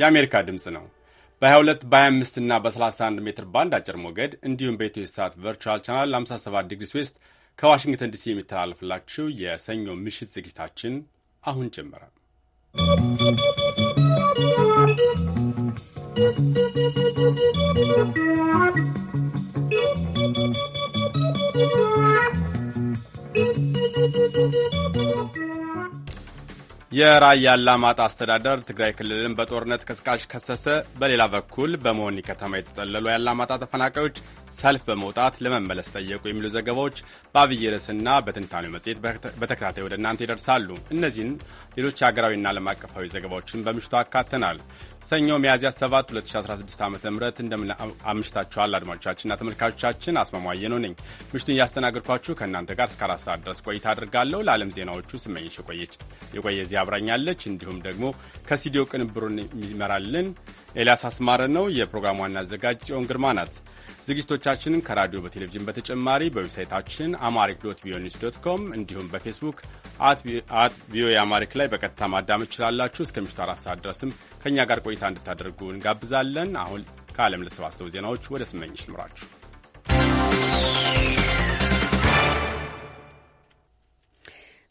የአሜሪካ ድምፅ ነው። በ22 በ25 እና በ31 ሜትር ባንድ አጭር ሞገድ እንዲሁም በኢትዮ ሳት ቨርቹዋል ቻናል 57 ዲግሪ ስዌስት ከዋሽንግተን ዲሲ የሚተላለፍላችሁ የሰኞ ምሽት ዝግጅታችን አሁን ጀመረ። ¶¶ የራያ አላማጣ አስተዳደር ትግራይ ክልልን በጦርነት ቀስቃሽ ከሰሰ። በሌላ በኩል በመሆኒ ከተማ የተጠለሉ የአላማጣ ተፈናቃዮች ሰልፍ በመውጣት ለመመለስ ጠየቁ የሚሉ ዘገባዎች በአብይ ርዕስና በትንታኔው መጽሔት በተከታታይ ወደ እናንተ ይደርሳሉ። እነዚህን ሌሎች ሀገራዊና ዓለም አቀፋዊ ዘገባዎችን በምሽቱ አካተናል። ሰኞ ሚያዝያ 7 2016 ዓ ም እንደምን አምሽታችኋል አድማጮቻችንና ተመልካቾቻችን። አስማማየ ነው ነኝ ምሽቱን እያስተናገድኳችሁ ከእናንተ ጋር እስከ አራት ሰዓት ድረስ ቆይታ አድርጋለሁ። ለዓለም ዜናዎቹ ስመኝሽ የቆየች የቆየ ዚህ አብራኛለች። እንዲሁም ደግሞ ከስቱዲዮ ቅንብሩን የሚመራልን ኤልያስ አስማረ ነው። የፕሮግራሙ ዋና አዘጋጅ ጽዮን ግርማ ናት። ዝግጅቶቻችንን ከራዲዮ በቴሌቪዥን በተጨማሪ በዌብሳይታችን አማሪክ ዶት ቪኦኤ ኒውስ ዶት ኮም እንዲሁም በፌስቡክ አት ቪኦኤ አማሪክ ላይ በቀጥታ ማዳመጥ ችላላችሁ እስከ ምሽቱ አራት ሰዓት ድረስም ከእኛ ጋር ቆይታ እንድታደርጉ እንጋብዛለን። አሁን ከዓለም ለሰባሰቡ ዜናዎች ወደ ስመኝሽ ልምራችሁ።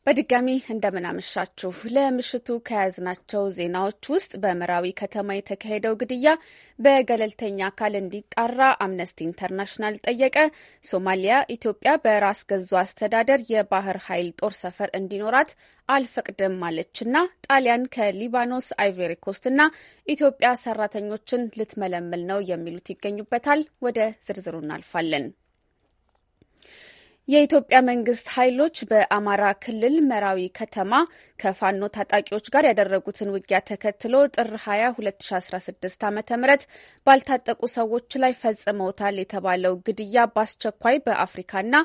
በድጋሚ እንደምናመሻችሁ ለምሽቱ ከያዝናቸው ዜናዎች ውስጥ በምዕራዊ ከተማ የተካሄደው ግድያ በገለልተኛ አካል እንዲጣራ አምነስቲ ኢንተርናሽናል ጠየቀ፣ ሶማሊያ ኢትዮጵያ በራስ ገዙ አስተዳደር የባህር ኃይል ጦር ሰፈር እንዲኖራት አልፈቅድም ማለችና ጣሊያን ከሊባኖስ እና ኢትዮጵያ ሰራተኞችን ልትመለምል ነው የሚሉት ይገኙበታል። ወደ ዝርዝሩ እናልፋለን። የኢትዮጵያ መንግስት ኃይሎች በአማራ ክልል መራዊ ከተማ ከፋኖ ታጣቂዎች ጋር ያደረጉትን ውጊያ ተከትሎ ጥር 20 2016 ዓ ም ባልታጠቁ ሰዎች ላይ ፈጽመውታል የተባለው ግድያ በአስቸኳይ በአፍሪካና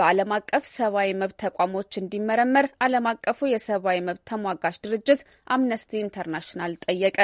በዓለም አቀፍ ሰብአዊ መብት ተቋሞች እንዲመረመር ዓለም አቀፉ የሰብአዊ መብት ተሟጋች ድርጅት አምነስቲ ኢንተርናሽናል ጠየቀ።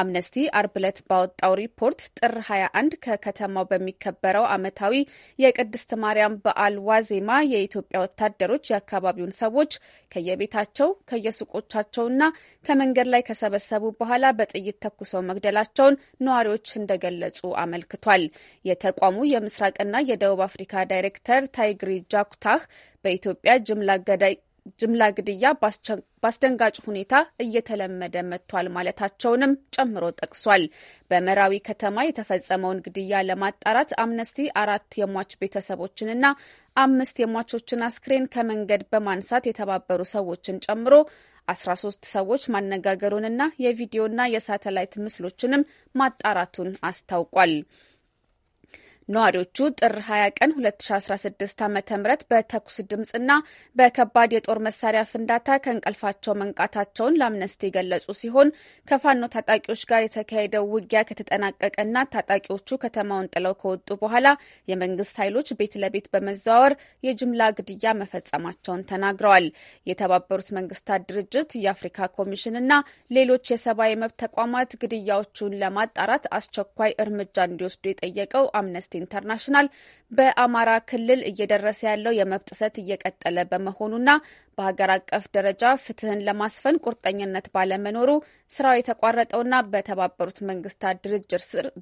አምነስቲ አርብ ዕለት ባወጣው ሪፖርት ጥር 21 ከከተማው በሚከበረው ዓመታዊ የቅድስት ማርያም በዓል ዋዜማ የኢትዮጵያ ወታደሮች የአካባቢውን ሰዎች ከየቤታቸው ከየሱቆቻቸውና ከመንገድ ላይ ከሰበሰቡ በኋላ በጥይት ተኩሰው መግደላቸውን ነዋሪዎች እንደገለጹ አመልክቷል። የተቋሙ የምስራቅና የደቡብ አፍሪካ ዳይሬክተር ታይግሪ ጃኩታህ በኢትዮጵያ ጅምላ ገዳይ ጅምላ ግድያ በአስደንጋጭ ሁኔታ እየተለመደ መጥቷል ማለታቸውንም ጨምሮ ጠቅሷል። በመራዊ ከተማ የተፈጸመውን ግድያ ለማጣራት አምነስቲ አራት የሟች ቤተሰቦችንና አምስት የሟቾችን አስክሬን ከመንገድ በማንሳት የተባበሩ ሰዎችን ጨምሮ አስራ ሶስት ሰዎች ማነጋገሩንና የቪዲዮና የሳተላይት ምስሎችንም ማጣራቱን አስታውቋል። ነዋሪዎቹ ጥር 20 ቀን 2016 ዓ ም በተኩስ ድምፅና በከባድ የጦር መሳሪያ ፍንዳታ ከእንቅልፋቸው መንቃታቸውን ለአምነስቲ የገለጹ ሲሆን ከፋኖ ታጣቂዎች ጋር የተካሄደው ውጊያ ከተጠናቀቀና ታጣቂዎቹ ከተማውን ጥለው ከወጡ በኋላ የመንግስት ኃይሎች ቤት ለቤት በመዘዋወር የጅምላ ግድያ መፈጸማቸውን ተናግረዋል። የተባበሩት መንግስታት ድርጅት፣ የአፍሪካ ኮሚሽንና ሌሎች የሰብአዊ መብት ተቋማት ግድያዎቹን ለማጣራት አስቸኳይ እርምጃ እንዲወስዱ የጠየቀው አምነስቲ አምነስቲ ኢንተርናሽናል በአማራ ክልል እየደረሰ ያለው የመብት ጥሰት እየቀጠለ በመሆኑና በሀገር አቀፍ ደረጃ ፍትህን ለማስፈን ቁርጠኝነት ባለመኖሩ ስራው የተቋረጠውና በተባበሩት መንግስታት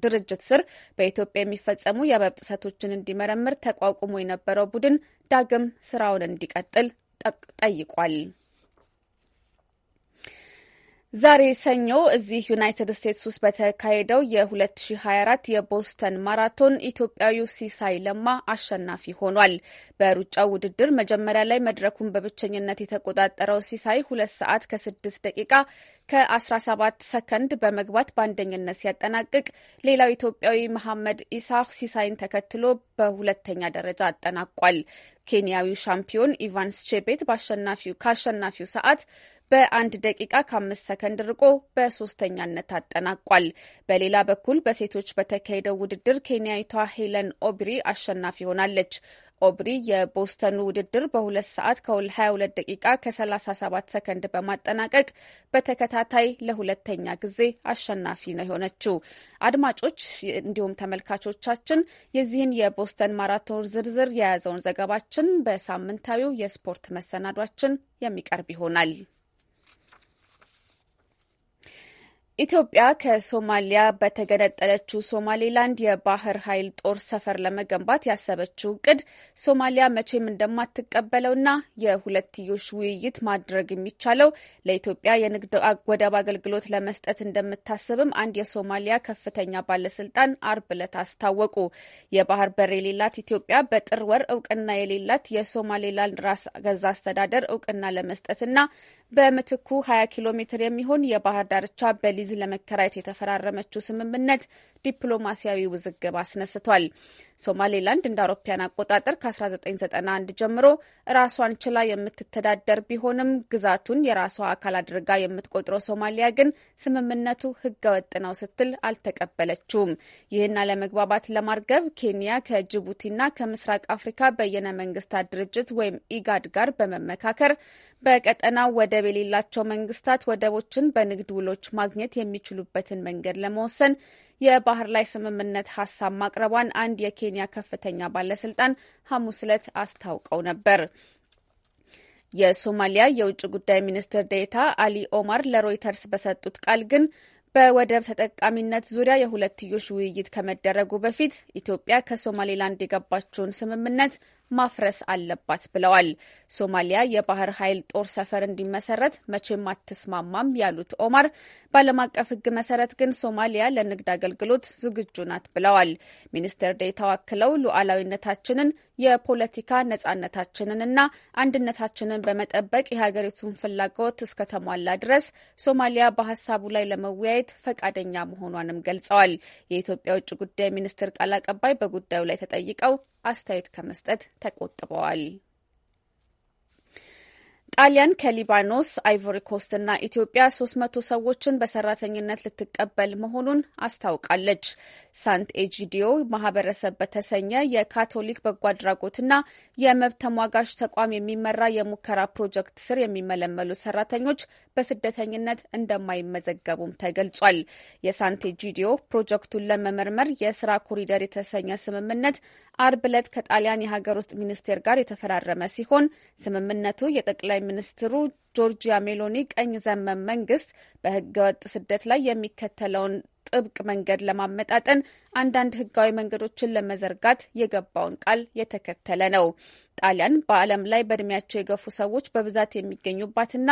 ድርጅት ስር በኢትዮጵያ የሚፈጸሙ የመብት ጥሰቶችን እንዲመረምር ተቋቁሞ የነበረው ቡድን ዳግም ስራውን እንዲቀጥል ጠይቋል። ዛሬ ሰኞ እዚህ ዩናይትድ ስቴትስ ውስጥ በተካሄደው የ2024 የቦስተን ማራቶን ኢትዮጵያዊው ሲሳይ ለማ አሸናፊ ሆኗል። በሩጫው ውድድር መጀመሪያ ላይ መድረኩን በብቸኝነት የተቆጣጠረው ሲሳይ ሁለት ሰዓት ከስድስት ደቂቃ ከ17 ሰከንድ በመግባት በአንደኝነት ሲያጠናቅቅ፣ ሌላው ኢትዮጵያዊ መሐመድ ኢሳ ሲሳይን ተከትሎ በሁለተኛ ደረጃ አጠናቋል። ኬንያዊው ሻምፒዮን ኢቫንስ ቼቤት ከአሸናፊው ሰዓት በአንድ ደቂቃ ከአምስት ሰከንድ ርቆ በሶስተኛነት አጠናቋል። በሌላ በኩል በሴቶች በተካሄደው ውድድር ኬንያዊቷ ሄለን ኦብሪ አሸናፊ ሆናለች። ኦብሪ የቦስተኑ ውድድር በ2 ሰዓት ከ22 ደቂቃ ከ37 ሰከንድ በማጠናቀቅ በተከታታይ ለሁለተኛ ጊዜ አሸናፊ ነው የሆነችው። አድማጮች እንዲሁም ተመልካቾቻችን የዚህን የቦስተን ማራቶን ዝርዝር የያዘውን ዘገባችን በሳምንታዊው የስፖርት መሰናዷችን የሚቀርብ ይሆናል። ኢትዮጵያ ከሶማሊያ በተገነጠለችው ሶማሌላንድ የባህር ኃይል ጦር ሰፈር ለመገንባት ያሰበችው እቅድ ሶማሊያ መቼም እንደማትቀበለውና የሁለትዮሽ ውይይት ማድረግ የሚቻለው ለኢትዮጵያ የንግድ ወደብ አገልግሎት ለመስጠት እንደምታስብም አንድ የሶማሊያ ከፍተኛ ባለስልጣን አርብ ዕለት አስታወቁ። የባህር በር የሌላት ኢትዮጵያ በጥር ወር እውቅና የሌላት የሶማሌላንድ ራስ ገዛ አስተዳደር እውቅና ለመስጠትና በምትኩ 20 ኪሎ ሜትር የሚሆን የባህር ዳርቻ በሊዝ ለመከራየት የተፈራረመችው ስምምነት ዲፕሎማሲያዊ ውዝግብ አስነስቷል። ሶማሌላንድ እንደ አውሮፓያን አቆጣጠር ከ1991 ጀምሮ ራሷን ችላ የምትተዳደር ቢሆንም ግዛቱን የራሷ አካል አድርጋ የምትቆጥረው ሶማሊያ ግን ስምምነቱ ህገወጥ ነው ስትል አልተቀበለችውም። ይህን አለመግባባት ለማርገብ ኬንያ ከጅቡቲና ከምስራቅ አፍሪካ በየነ መንግስታት ድርጅት ወይም ኢጋድ ጋር በመመካከር በቀጠናው ወደብ የሌላቸው መንግስታት ወደቦችን በንግድ ውሎች ማግኘት የሚችሉበትን መንገድ ለመወሰን የባህር ላይ ስምምነት ሀሳብ ማቅረቧን አንድ የኬንያ ከፍተኛ ባለስልጣን ሐሙስ ዕለት አስታውቀው ነበር። የሶማሊያ የውጭ ጉዳይ ሚኒስትር ዴታ አሊ ኦማር ለሮይተርስ በሰጡት ቃል ግን በወደብ ተጠቃሚነት ዙሪያ የሁለትዮሽ ውይይት ከመደረጉ በፊት ኢትዮጵያ ከሶማሌላንድ የገባችውን ስምምነት ማፍረስ አለባት ብለዋል። ሶማሊያ የባህር ኃይል ጦር ሰፈር እንዲመሰረት መቼም አትስማማም ያሉት ኦማር በዓለም አቀፍ ሕግ መሰረት ግን ሶማሊያ ለንግድ አገልግሎት ዝግጁ ናት ብለዋል። ሚኒስትር ዴኤታው አክለው ሉዓላዊነታችንን የፖለቲካ ነጻነታችንንና አንድነታችንን በመጠበቅ የሀገሪቱን ፍላጎት እስከተሟላ ድረስ ሶማሊያ በሀሳቡ ላይ ለመወያየት ፈቃደኛ መሆኗንም ገልጸዋል። የኢትዮጵያ ውጭ ጉዳይ ሚኒስትር ቃል አቀባይ በጉዳዩ ላይ ተጠይቀው አስተያየት ከመስጠት ተቆጥበዋል። ጣሊያን ከሊባኖስ፣ አይቮሪኮስት እና ኢትዮጵያ 300 ሰዎችን በሰራተኝነት ልትቀበል መሆኑን አስታውቃለች። ሳንት ኤጂዲዮ ማህበረሰብ በተሰኘ የካቶሊክ በጎ አድራጎትና የመብት ተሟጋች ተቋም የሚመራ የሙከራ ፕሮጀክት ስር የሚመለመሉ ሰራተኞች በስደተኝነት እንደማይመዘገቡም ተገልጿል። የሳንት ኤጂዲዮ ፕሮጀክቱን ለመመርመር የስራ ኮሪደር የተሰኘ ስምምነት አርብ ዕለት ከጣሊያን የሀገር ውስጥ ሚኒስቴር ጋር የተፈራረመ ሲሆን ስምምነቱ የጠቅላይ ጠቅላይ ሚኒስትሩ ጆርጂያ ሜሎኒ ቀኝ ዘመን መንግስት በህገወጥ ስደት ላይ የሚከተለውን ጥብቅ መንገድ ለማመጣጠን አንዳንድ ህጋዊ መንገዶችን ለመዘርጋት የገባውን ቃል የተከተለ ነው። ጣሊያን በዓለም ላይ በእድሜያቸው የገፉ ሰዎች በብዛት የሚገኙባትና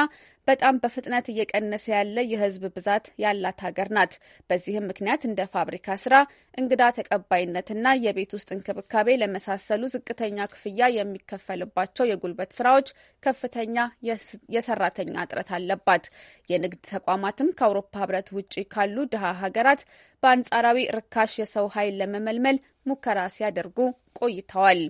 በጣም በፍጥነት እየቀነሰ ያለ የሕዝብ ብዛት ያላት ሀገር ናት። በዚህም ምክንያት እንደ ፋብሪካ ስራ፣ እንግዳ ተቀባይነትና የቤት ውስጥ እንክብካቤ ለመሳሰሉ ዝቅተኛ ክፍያ የሚከፈልባቸው የጉልበት ስራዎች ከፍተኛ የሰራተኛ እጥረት አለባት። የንግድ ተቋማትም ከአውሮፓ ህብረት ውጭ ካሉ ድሃ ሀገራት በአንጻራዊ ርካሽ የሰው ኃይል ለመመልመል ሙከራ ሲያደርጉ ቆይተዋል።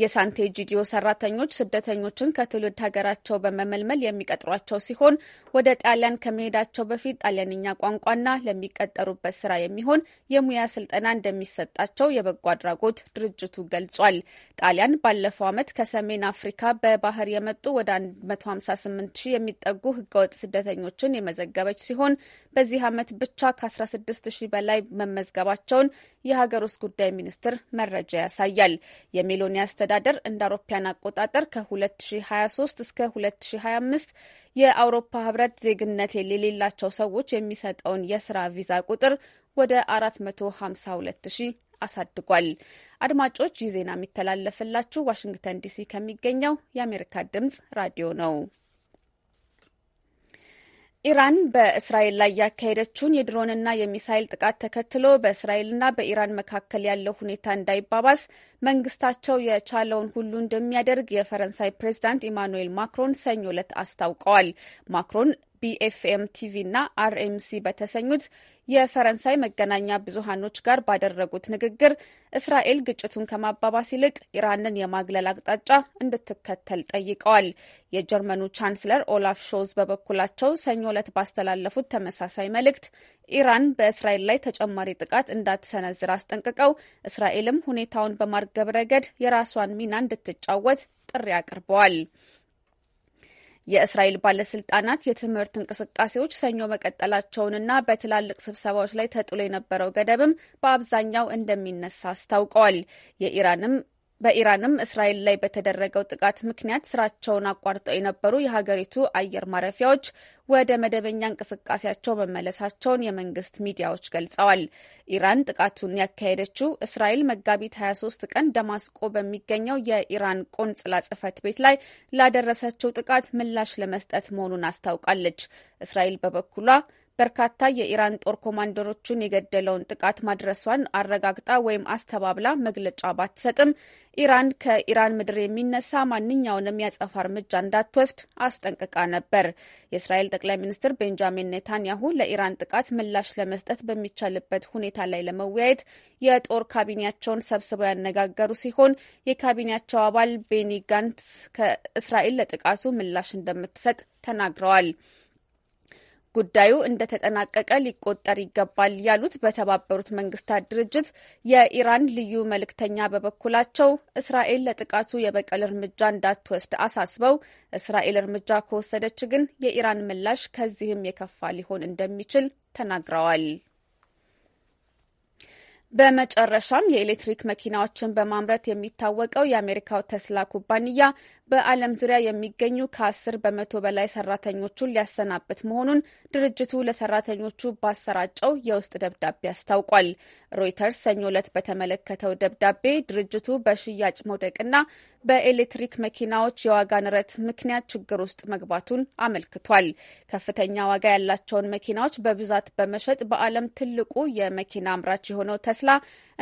የሳንቴ ጂጂዮ ሰራተኞች ስደተኞችን ከትውልድ ሀገራቸው በመመልመል የሚቀጥሯቸው ሲሆን ወደ ጣሊያን ከመሄዳቸው በፊት ጣሊያንኛ ቋንቋና ለሚቀጠሩበት ስራ የሚሆን የሙያ ስልጠና እንደሚሰጣቸው የበጎ አድራጎት ድርጅቱ ገልጿል። ጣሊያን ባለፈው ዓመት ከሰሜን አፍሪካ በባህር የመጡ ወደ 158 ሺህ የሚጠጉ ህገወጥ ስደተኞችን የመዘገበች ሲሆን በዚህ ዓመት ብቻ ከ16 ሺህ በላይ መመዝገባቸውን የሀገር ውስጥ ጉዳይ ሚኒስቴር መረጃ ያሳያል። የሜሎኒያስ አስተዳደር እንደ አውሮፓያን አቆጣጠር ከ2023 እስከ 2025 የአውሮፓ ህብረት ዜግነት የሌላቸው ሰዎች የሚሰጠውን የስራ ቪዛ ቁጥር ወደ 452 አሳድጓል። አድማጮች ይህ ዜና የሚተላለፍላችሁ ዋሽንግተን ዲሲ ከሚገኘው የአሜሪካ ድምጽ ራዲዮ ነው። ኢራን በእስራኤል ላይ ያካሄደችውን የድሮንና የሚሳይል ጥቃት ተከትሎ በእስራኤልና በኢራን መካከል ያለው ሁኔታ እንዳይባባስ መንግስታቸው የቻለውን ሁሉ እንደሚያደርግ የፈረንሳይ ፕሬዚዳንት ኢማኑኤል ማክሮን ሰኞ ዕለት አስታውቀዋል። ማክሮን ቢኤፍኤም ቲቪ እና አርኤምሲ በተሰኙት የፈረንሳይ መገናኛ ብዙሃኖች ጋር ባደረጉት ንግግር እስራኤል ግጭቱን ከማባባስ ይልቅ ኢራንን የማግለል አቅጣጫ እንድትከተል ጠይቀዋል። የጀርመኑ ቻንስለር ኦላፍ ሾዝ በበኩላቸው ሰኞ ዕለት ባስተላለፉት ተመሳሳይ መልእክት ኢራን በእስራኤል ላይ ተጨማሪ ጥቃት እንዳትሰነዝር አስጠንቅቀው እስራኤልም ሁኔታውን በማርገብ ረገድ የራሷን ሚና እንድትጫወት ጥሪ አቅርበዋል። የእስራኤል ባለስልጣናት የትምህርት እንቅስቃሴዎች ሰኞ መቀጠላቸውንና በትላልቅ ስብሰባዎች ላይ ተጥሎ የነበረው ገደብም በአብዛኛው እንደሚነሳ አስታውቀዋል። የኢራንም በኢራንም እስራኤል ላይ በተደረገው ጥቃት ምክንያት ስራቸውን አቋርጠው የነበሩ የሀገሪቱ አየር ማረፊያዎች ወደ መደበኛ እንቅስቃሴያቸው መመለሳቸውን የመንግስት ሚዲያዎች ገልጸዋል። ኢራን ጥቃቱን ያካሄደችው እስራኤል መጋቢት 23 ቀን ደማስቆ በሚገኘው የኢራን ቆንጽላ ጽፈት ቤት ላይ ላደረሰችው ጥቃት ምላሽ ለመስጠት መሆኑን አስታውቃለች። እስራኤል በበኩሏ በርካታ የኢራን ጦር ኮማንደሮችን የገደለውን ጥቃት ማድረሷን አረጋግጣ ወይም አስተባብላ መግለጫ ባትሰጥም ኢራን ከኢራን ምድር የሚነሳ ማንኛውንም ያጸፋ እርምጃ እንዳትወስድ አስጠንቅቃ ነበር። የእስራኤል ጠቅላይ ሚኒስትር ቤንጃሚን ኔታንያሁ ለኢራን ጥቃት ምላሽ ለመስጠት በሚቻልበት ሁኔታ ላይ ለመወያየት የጦር ካቢኔያቸውን ሰብስበው ያነጋገሩ ሲሆን የካቢኔያቸው አባል ቤኒ ጋንትስ ከእስራኤል ለጥቃቱ ምላሽ እንደምትሰጥ ተናግረዋል። ጉዳዩ እንደተጠናቀቀ ሊቆጠር ይገባል ያሉት በተባበሩት መንግስታት ድርጅት የኢራን ልዩ መልእክተኛ በበኩላቸው እስራኤል ለጥቃቱ የበቀል እርምጃ እንዳትወስድ አሳስበው እስራኤል እርምጃ ከወሰደች ግን የኢራን ምላሽ ከዚህም የከፋ ሊሆን እንደሚችል ተናግረዋል። በመጨረሻም የኤሌክትሪክ መኪናዎችን በማምረት የሚታወቀው የአሜሪካው ተስላ ኩባንያ በዓለም ዙሪያ የሚገኙ ከአስር በመቶ በላይ ሰራተኞቹን ሊያሰናብት መሆኑን ድርጅቱ ለሰራተኞቹ ባሰራጨው የውስጥ ደብዳቤ አስታውቋል። ሮይተርስ ሰኞ ዕለት በተመለከተው ደብዳቤ ድርጅቱ በሽያጭ መውደቅና በኤሌክትሪክ መኪናዎች የዋጋ ንረት ምክንያት ችግር ውስጥ መግባቱን አመልክቷል። ከፍተኛ ዋጋ ያላቸውን መኪናዎች በብዛት በመሸጥ በዓለም ትልቁ የመኪና አምራች የሆነው ተስላ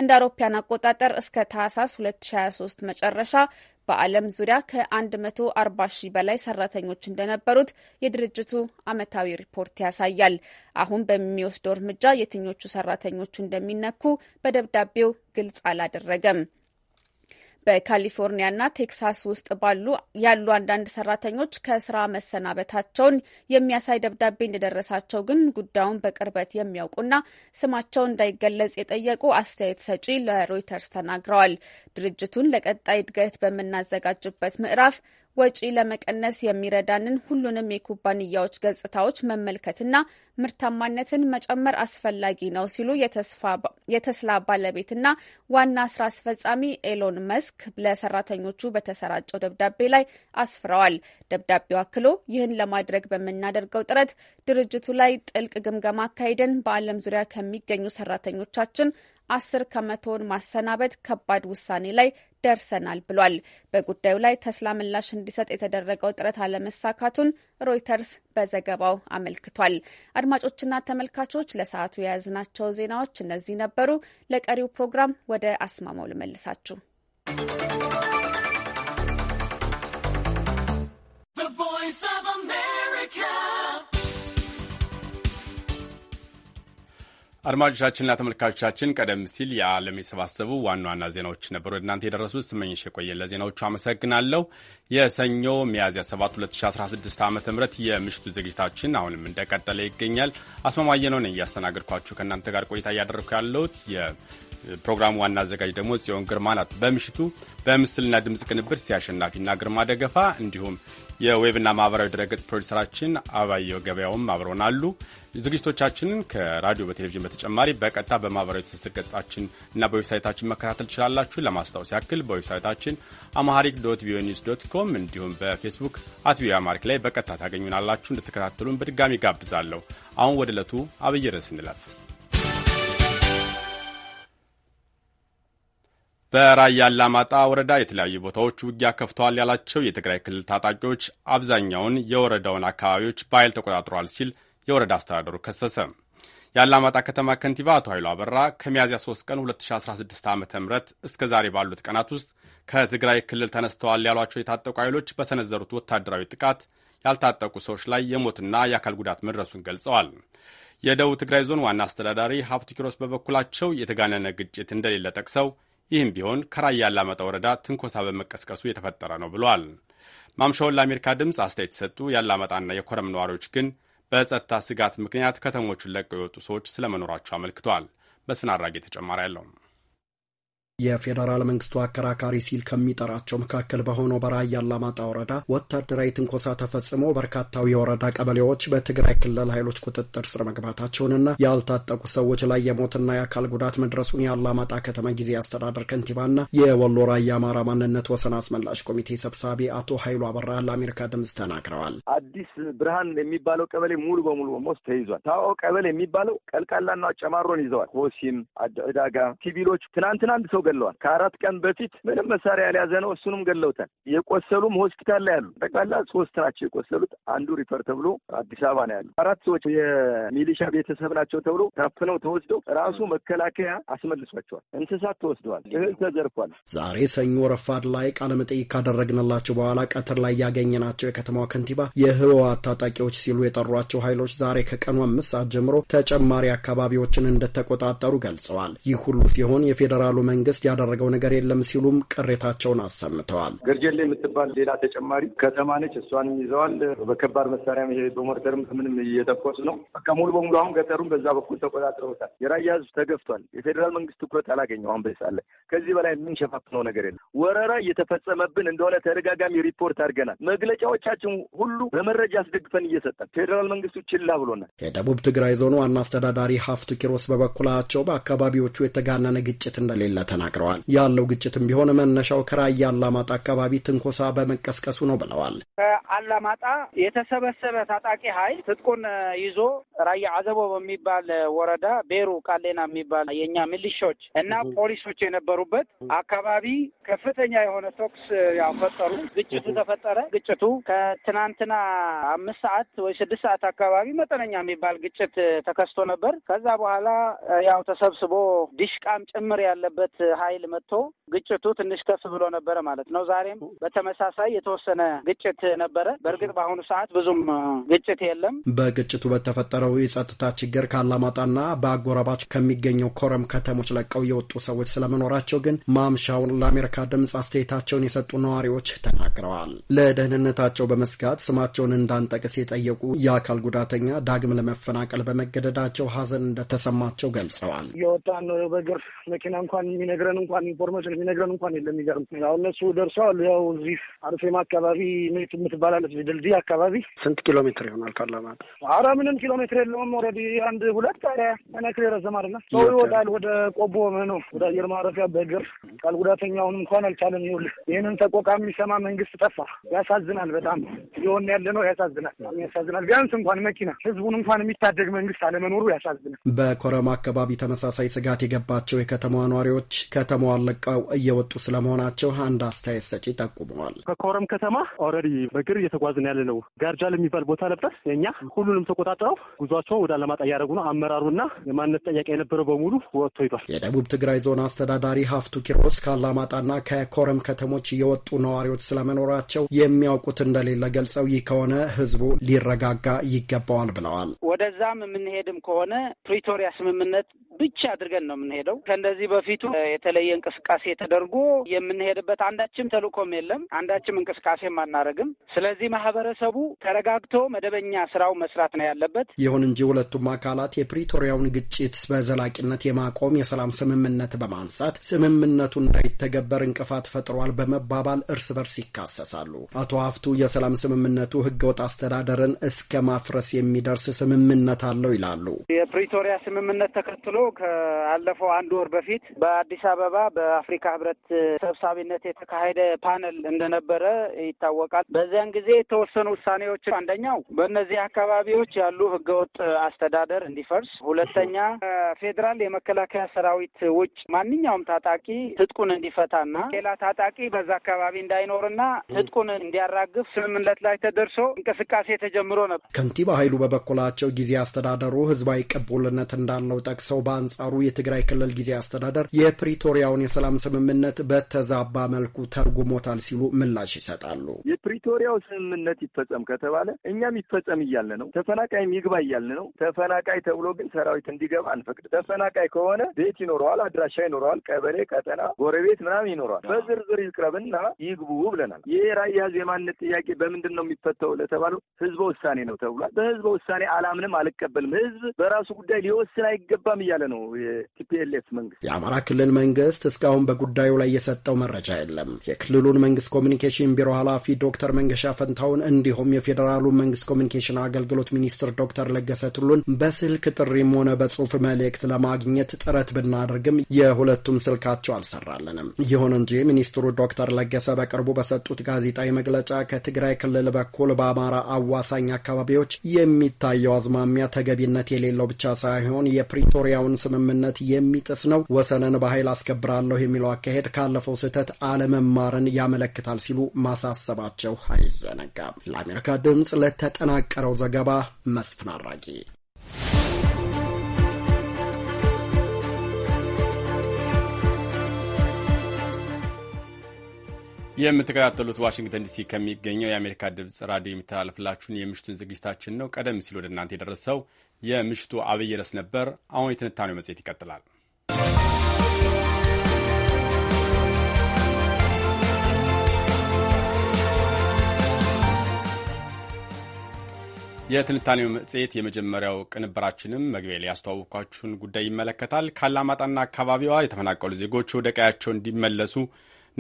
እንደ አውሮፓያን አቆጣጠር እስከ ታህሳስ 2023 መጨረሻ በዓለም ዙሪያ ከ140 ሺህ በላይ ሰራተኞች እንደነበሩት የድርጅቱ ዓመታዊ ሪፖርት ያሳያል። አሁን በሚወስደው እርምጃ የትኞቹ ሰራተኞቹ እንደሚነኩ በደብዳቤው ግልጽ አላደረገም። በካሊፎርኒያና ቴክሳስ ውስጥ ባሉ ያሉ አንዳንድ ሰራተኞች ከስራ መሰናበታቸውን የሚያሳይ ደብዳቤ እንደደረሳቸው ግን ጉዳዩን በቅርበት የሚያውቁና ስማቸው እንዳይገለጽ የጠየቁ አስተያየት ሰጪ ለሮይተርስ ተናግረዋል። ድርጅቱን ለቀጣይ እድገት በምናዘጋጅበት ምዕራፍ ወጪ ለመቀነስ የሚረዳንን ሁሉንም የኩባንያዎች ገጽታዎች መመልከትና ምርታማነትን መጨመር አስፈላጊ ነው ሲሉ የተስላ ባለቤትና ዋና ስራ አስፈጻሚ ኤሎን መስክ ለሰራተኞቹ በተሰራጨው ደብዳቤ ላይ አስፍረዋል። ደብዳቤው አክሎ ይህን ለማድረግ በምናደርገው ጥረት ድርጅቱ ላይ ጥልቅ ግምገማ አካሄደን በዓለም ዙሪያ ከሚገኙ ሰራተኞቻችን አስር ከመቶውን ማሰናበት ከባድ ውሳኔ ላይ ደርሰናል ብሏል። በጉዳዩ ላይ ተስላ ምላሽ እንዲሰጥ የተደረገው ጥረት አለመሳካቱን ሮይተርስ በዘገባው አመልክቷል። አድማጮችና ተመልካቾች ለሰዓቱ የያዝናቸው ዜናዎች እነዚህ ነበሩ። ለቀሪው ፕሮግራም ወደ አስማማው ልመልሳችሁ። አድማጮቻችንና ተመልካቾቻችን ቀደም ሲል የዓለም የሰባሰቡ ዋና ዋና ዜናዎች ነበሩ እናንተ የደረሱት። ስመኝሽ የቆየ ለዜናዎቹ አመሰግናለሁ። የሰኞ ሚያዝያ 7 2016 ዓ ም የምሽቱ ዝግጅታችን አሁንም እንደቀጠለ ይገኛል። አስማማየ ነው ነኝ እያስተናገድኳችሁ ከእናንተ ጋር ቆይታ እያደረግኩ ያለሁት የፕሮግራሙ ዋና አዘጋጅ ደግሞ ጽዮን ግርማ ናት። በምሽቱ በምስልና ድምፅ ቅንብር ሲያሸናፊና ግርማ ደገፋ እንዲሁም የዌብና ማህበራዊ ድረገጽ ፕሮዲሰራችን አባየው ገበያውም አብረውን አሉ። ዝግጅቶቻችንን ከራዲዮ በቴሌቪዥን በተጨማሪ በቀጥታ በማህበራዊ ትስስር ገጻችን እና በዌብሳይታችን መከታተል ትችላላችሁ። ለማስታወስ ያክል በዌብሳይታችን አማሃሪክ ዶት ቪኦኤ ኒውስ ዶት ኮም እንዲሁም በፌስቡክ አት ቪኦኤ አማሪክ ላይ በቀጥታ ታገኙናላችሁ። እንድትከታተሉን በድጋሚ ጋብዛለሁ። አሁን ወደ ዕለቱ አብይ ርዕስ እንለፍ። በራያ አላማጣ ወረዳ የተለያዩ ቦታዎች ውጊያ ከፍተዋል ያላቸው የትግራይ ክልል ታጣቂዎች አብዛኛውን የወረዳውን አካባቢዎች በኃይል ተቆጣጥረዋል ሲል የወረዳ አስተዳደሩ ከሰሰ። የአላማጣ ከተማ ከንቲባ አቶ ኃይሉ አበራ ከሚያዝያ 3 ቀን 2016 ዓ ም እስከ ዛሬ ባሉት ቀናት ውስጥ ከትግራይ ክልል ተነስተዋል ያሏቸው የታጠቁ ኃይሎች በሰነዘሩት ወታደራዊ ጥቃት ያልታጠቁ ሰዎች ላይ የሞትና የአካል ጉዳት መድረሱን ገልጸዋል። የደቡብ ትግራይ ዞን ዋና አስተዳዳሪ ሀብቱ ኪሮስ በበኩላቸው የተጋነነ ግጭት እንደሌለ ጠቅሰው ይህም ቢሆን ከራያ አላማጣ ወረዳ ትንኮሳ በመቀስቀሱ የተፈጠረ ነው ብሏል። ማምሻውን ለአሜሪካ ድምፅ አስተያየት የተሰጡ የአላማጣና የኮረም ነዋሪዎች ግን በጸጥታ ስጋት ምክንያት ከተሞቹን ለቀው የወጡ ሰዎች ስለመኖራቸው አመልክተዋል። መስፍን አራጌ ተጨማሪ ያለው የፌዴራል መንግስቱ አከራካሪ ሲል ከሚጠራቸው መካከል በሆነው በራያ አላማጣ ወረዳ ወታደራዊ ትንኮሳ ተፈጽሞ በርካታው የወረዳ ቀበሌዎች በትግራይ ክልል ኃይሎች ቁጥጥር ስር መግባታቸውንና ያልታጠቁ ሰዎች ላይ የሞትና የአካል ጉዳት መድረሱን የአላማጣ ከተማ ጊዜ አስተዳደር ከንቲባና የወሎ ራያ አማራ ማንነት ወሰን አስመላሽ ኮሚቴ ሰብሳቢ አቶ ኃይሉ አበራ ለአሜሪካ ድምፅ ተናግረዋል። አዲስ ብርሃን የሚባለው ቀበሌ ሙሉ በሙሉ በሞስ ተይዟል። ታ ቀበሌ የሚባለው ቀልቃላና ጨማሮን ይዘዋል። ሆሲም፣ ዕዳጋ ሲቪሎች ትናንትና አንድ ሰው ገለዋል ከአራት ቀን በፊት ምንም መሳሪያ ያልያዘ ነው፣ እሱንም ገለውታል የቆሰሉም ሆስፒታል ላይ ያሉ ጠቅላላ ሶስት ናቸው የቆሰሉት። አንዱ ሪፈር ተብሎ አዲስ አበባ ነው ያሉ። አራት ሰዎች የሚሊሻ ቤተሰብ ናቸው ተብሎ ታፍነው ተወስደው ራሱ መከላከያ አስመልሷቸዋል። እንስሳት ተወስደዋል። እህል ተዘርፏል። ዛሬ ሰኞ ረፋድ ላይ ቃለመጠይቅ ካደረግንላቸው በኋላ ቀትር ላይ ያገኘናቸው የከተማዋ ከንቲባ የህወሓት ታጣቂዎች ሲሉ የጠሯቸው ኃይሎች ዛሬ ከቀኑ አምስት ሰዓት ጀምሮ ተጨማሪ አካባቢዎችን እንደተቆጣጠሩ ገልጸዋል። ይህ ሁሉ ሲሆን የፌዴራሉ መንግስት መንግስት ያደረገው ነገር የለም ሲሉም ቅሬታቸውን አሰምተዋል። ገርጀሌ የምትባል ሌላ ተጨማሪ ከተማ ነች። እሷንም ይዘዋል። በከባድ መሳሪያ ይሄ በሞርተርም ምንም እየተኮሱ ነው። በቃ ሙሉ በሙሉ አሁን ገጠሩን በዛ በኩል ተቆጣጥረውታል። የራያ ህዝብ ተገፍቷል። የፌዴራል መንግስት ትኩረት አላገኘው። አሁን በሳለ ከዚህ በላይ የምንሸፋፍነው ነገር የለም። ወረራ እየተፈጸመብን እንደሆነ ተደጋጋሚ ሪፖርት አድርገናል። መግለጫዎቻችን ሁሉ በመረጃ አስደግፈን እየሰጠን ፌዴራል መንግስቱ ችላ ብሎናል። የደቡብ ትግራይ ዞን ዋና አስተዳዳሪ ሀፍቱ ኪሮስ በበኩላቸው በአካባቢዎቹ የተጋነነ ግጭት እንደሌለ ተናግ ተናግረዋል። ያለው ግጭትም ቢሆን መነሻው ከራያ አላማጣ አካባቢ ትንኮሳ በመቀስቀሱ ነው ብለዋል። ከአላማጣ የተሰበሰበ ታጣቂ ኃይል ትጥቁን ይዞ ራያ አዘቦ በሚባል ወረዳ ቤሩ ቃሌና የሚባል የእኛ ሚሊሻዎች እና ፖሊሶች የነበሩበት አካባቢ ከፍተኛ የሆነ ተኩስ ያው ፈጠሩ። ግጭቱ ተፈጠረ። ግጭቱ ከትናንትና አምስት ሰዓት ወይ ስድስት ሰዓት አካባቢ መጠነኛ የሚባል ግጭት ተከስቶ ነበር። ከዛ በኋላ ያው ተሰብስቦ ዲሽቃም ጭምር ያለበት ኃይል መጥቶ ግጭቱ ትንሽ ከፍ ብሎ ነበረ ማለት ነው። ዛሬም በተመሳሳይ የተወሰነ ግጭት ነበረ። በእርግጥ በአሁኑ ሰዓት ብዙም ግጭት የለም። በግጭቱ በተፈጠረው የጸጥታ ችግር ከአላማጣና በአጎራባች ከሚገኘው ኮረም ከተሞች ለቀው የወጡ ሰዎች ስለመኖራቸው ግን ማምሻውን ለአሜሪካ ድምፅ አስተያየታቸውን የሰጡ ነዋሪዎች ተናግረዋል። ለደህንነታቸው በመስጋት ስማቸውን እንዳንጠቅስ የጠየቁ የአካል ጉዳተኛ ዳግም ለመፈናቀል በመገደዳቸው ሀዘን እንደተሰማቸው ገልጸዋል። እየወጣን ነው በእግር መኪና እንኳን የሚነ የሚነግረን እንኳን ኢንፎርሜሽን የሚነግረን እንኳን የለም። የሚገርም ያው እነሱ ደርሰዋል። ያው እዚህ አርሴማ አካባቢ ሜት የምትባላለች ድልድይ አካባቢ ስንት ኪሎ ሜትር ይሆናል ካላማ? አረ ምንም ኪሎ ሜትር የለውም። ወረዲ አንድ ሁለት ረ ነክል የረዘም አለ ሰው ይወጣል ወደ ቆቦ መኖ ወደ አየር ማረፊያ በእግር ቃል ጉዳተኛውን እንኳን አልቻለም። ይውል ይህንን ተቆቃ የሚሰማ መንግስት ጠፋ። ያሳዝናል። በጣም የሆን ያለ ነው። ያሳዝናል፣ ያሳዝናል። ቢያንስ እንኳን መኪና ህዝቡን እንኳን የሚታደግ መንግስት አለመኖሩ ያሳዝናል። በኮረማ አካባቢ ተመሳሳይ ስጋት የገባቸው የከተማ ነዋሪዎች ከተማዋን ለቀው እየወጡ ስለመሆናቸው አንድ አስተያየት ሰጪ ጠቁመዋል። ከኮረም ከተማ ኦልሬዲ በእግር እየተጓዝን ያለ ነው። ጋርጃል የሚባል ቦታ ነበር የእኛ። ሁሉንም ተቆጣጥረው ጉዟቸውን ወደ አላማጣ እያደረጉ ነው። አመራሩና የማንነት ጠያቄ የነበረው በሙሉ ወጥቶ ሂዷል። የደቡብ ትግራይ ዞን አስተዳዳሪ ሀፍቱ ኪሮስ ከአላማጣና ከኮረም ከተሞች እየወጡ ነዋሪዎች ስለመኖራቸው የሚያውቁት እንደሌለ ገልጸው ይህ ከሆነ ህዝቡ ሊረጋጋ ይገባዋል ብለዋል። ወደዛም የምንሄድም ከሆነ ፕሪቶሪያ ስምምነት ብቻ አድርገን ነው የምንሄደው። ከእንደዚህ በፊቱ የተለየ እንቅስቃሴ ተደርጎ የምንሄድበት አንዳችም ተልእኮም የለም፣ አንዳችም እንቅስቃሴም አናደርግም። ስለዚህ ማህበረሰቡ ተረጋግቶ መደበኛ ስራው መስራት ነው ያለበት። ይሁን እንጂ ሁለቱም አካላት የፕሪቶሪያውን ግጭት በዘላቂነት የማቆም የሰላም ስምምነት በማንሳት ስምምነቱ እንዳይተገበር እንቅፋት ፈጥሯል በመባባል እርስ በርስ ይካሰሳሉ። አቶ ሀፍቱ የሰላም ስምምነቱ ህገወጥ አስተዳደርን እስከ ማፍረስ የሚደርስ ስምምነት አለው ይላሉ። የፕሪቶሪያ ስምምነት ተከትሎ ከአለፈው አንድ ወር በፊት በአዲስ አበባ በአፍሪካ ህብረት ሰብሳቢነት የተካሄደ ፓነል እንደነበረ ይታወቃል። በዚያን ጊዜ የተወሰኑ ውሳኔዎች፣ አንደኛው በእነዚህ አካባቢዎች ያሉ ህገወጥ አስተዳደር እንዲፈርስ፣ ሁለተኛ ፌዴራል የመከላከያ ሰራዊት ውጭ ማንኛውም ታጣቂ ትጥቁን እንዲፈታና ሌላ ታጣቂ በዛ አካባቢ እንዳይኖርና ትጥቁን እንዲያራግፍ ስምምነት ላይ ተደርሶ እንቅስቃሴ ተጀምሮ ነበር። ከንቲባ ኃይሉ በበኩላቸው ጊዜ አስተዳደሩ ህዝባዊ ቅቡልነት እንዳለው ጠቅሰው በአንጻሩ የትግራይ ክልል ጊዜ አስተዳደር የፕሪቶሪያውን የሰላም ስምምነት በተዛባ መልኩ ተርጉሞታል ሲሉ ምላሽ ይሰጣሉ። የፕሪቶሪያው ስምምነት ይፈጸም ከተባለ እኛም ይፈጸም እያለ ነው። ተፈናቃይም ይግባ እያለ ነው። ተፈናቃይ ተብሎ ግን ሰራዊት እንዲገባ አንፈቅድ። ተፈናቃይ ከሆነ ቤት ይኖረዋል፣ አድራሻ ይኖረዋል፣ ቀበሌ፣ ቀጠና፣ ጎረቤት ምናምን ይኖረዋል። በዝርዝር ይቅረብና ይግቡ ብለናል። ይህ ራያ የማንነት ጥያቄ በምንድን ነው የሚፈተው ለተባለው ህዝበ ውሳኔ ነው ተብሏል። በህዝበ ውሳኔ አላምንም፣ አልቀበልም፣ ህዝብ በራሱ ጉዳይ ሊወስን አይገባም እያለ እያለ ነው የቲፒኤልኤፍ መንግስት። የአማራ ክልል መንግስት እስካሁን በጉዳዩ ላይ የሰጠው መረጃ የለም። የክልሉን መንግስት ኮሚኒኬሽን ቢሮ ኃላፊ ዶክተር መንገሻ ፈንታውን እንዲሁም የፌዴራሉ መንግስት ኮሚኒኬሽን አገልግሎት ሚኒስትር ዶክተር ለገሰ ቱሉን በስልክ ጥሪም ሆነ በጽሁፍ መልእክት ለማግኘት ጥረት ብናደርግም የሁለቱም ስልካቸው አልሰራልንም። ይሁን እንጂ ሚኒስትሩ ዶክተር ለገሰ በቅርቡ በሰጡት ጋዜጣዊ መግለጫ ከትግራይ ክልል በኩል በአማራ አዋሳኝ አካባቢዎች የሚታየው አዝማሚያ ተገቢነት የሌለው ብቻ ሳይሆን የፕሪቶሪያውን የተደረሰውን ስምምነት የሚጥስ ነው፣ ወሰንን በኃይል አስከብራለሁ የሚለው አካሄድ ካለፈው ስህተት አለመማርን ያመለክታል ሲሉ ማሳሰባቸው አይዘነጋም። ለአሜሪካ ድምፅ ለተጠናቀረው ዘገባ መስፍን አራጌ የምትከታተሉት ዋሽንግተን ዲሲ ከሚገኘው የአሜሪካ ድምፅ ራዲዮ የሚተላለፍላችሁን የምሽቱን ዝግጅታችን ነው። ቀደም ሲል ወደ እናንተ የደረሰው የምሽቱ አብይ ርዕስ ነበር። አሁን የትንታኔው መጽሔት ይቀጥላል። የትንታኔው መጽሔት የመጀመሪያው ቅንብራችንም መግቢያ ላይ ያስተዋወቅኳችሁን ጉዳይ ይመለከታል። ከአላማጣና አካባቢዋ የተፈናቀሉ ዜጎች ወደ ቀያቸው እንዲመለሱ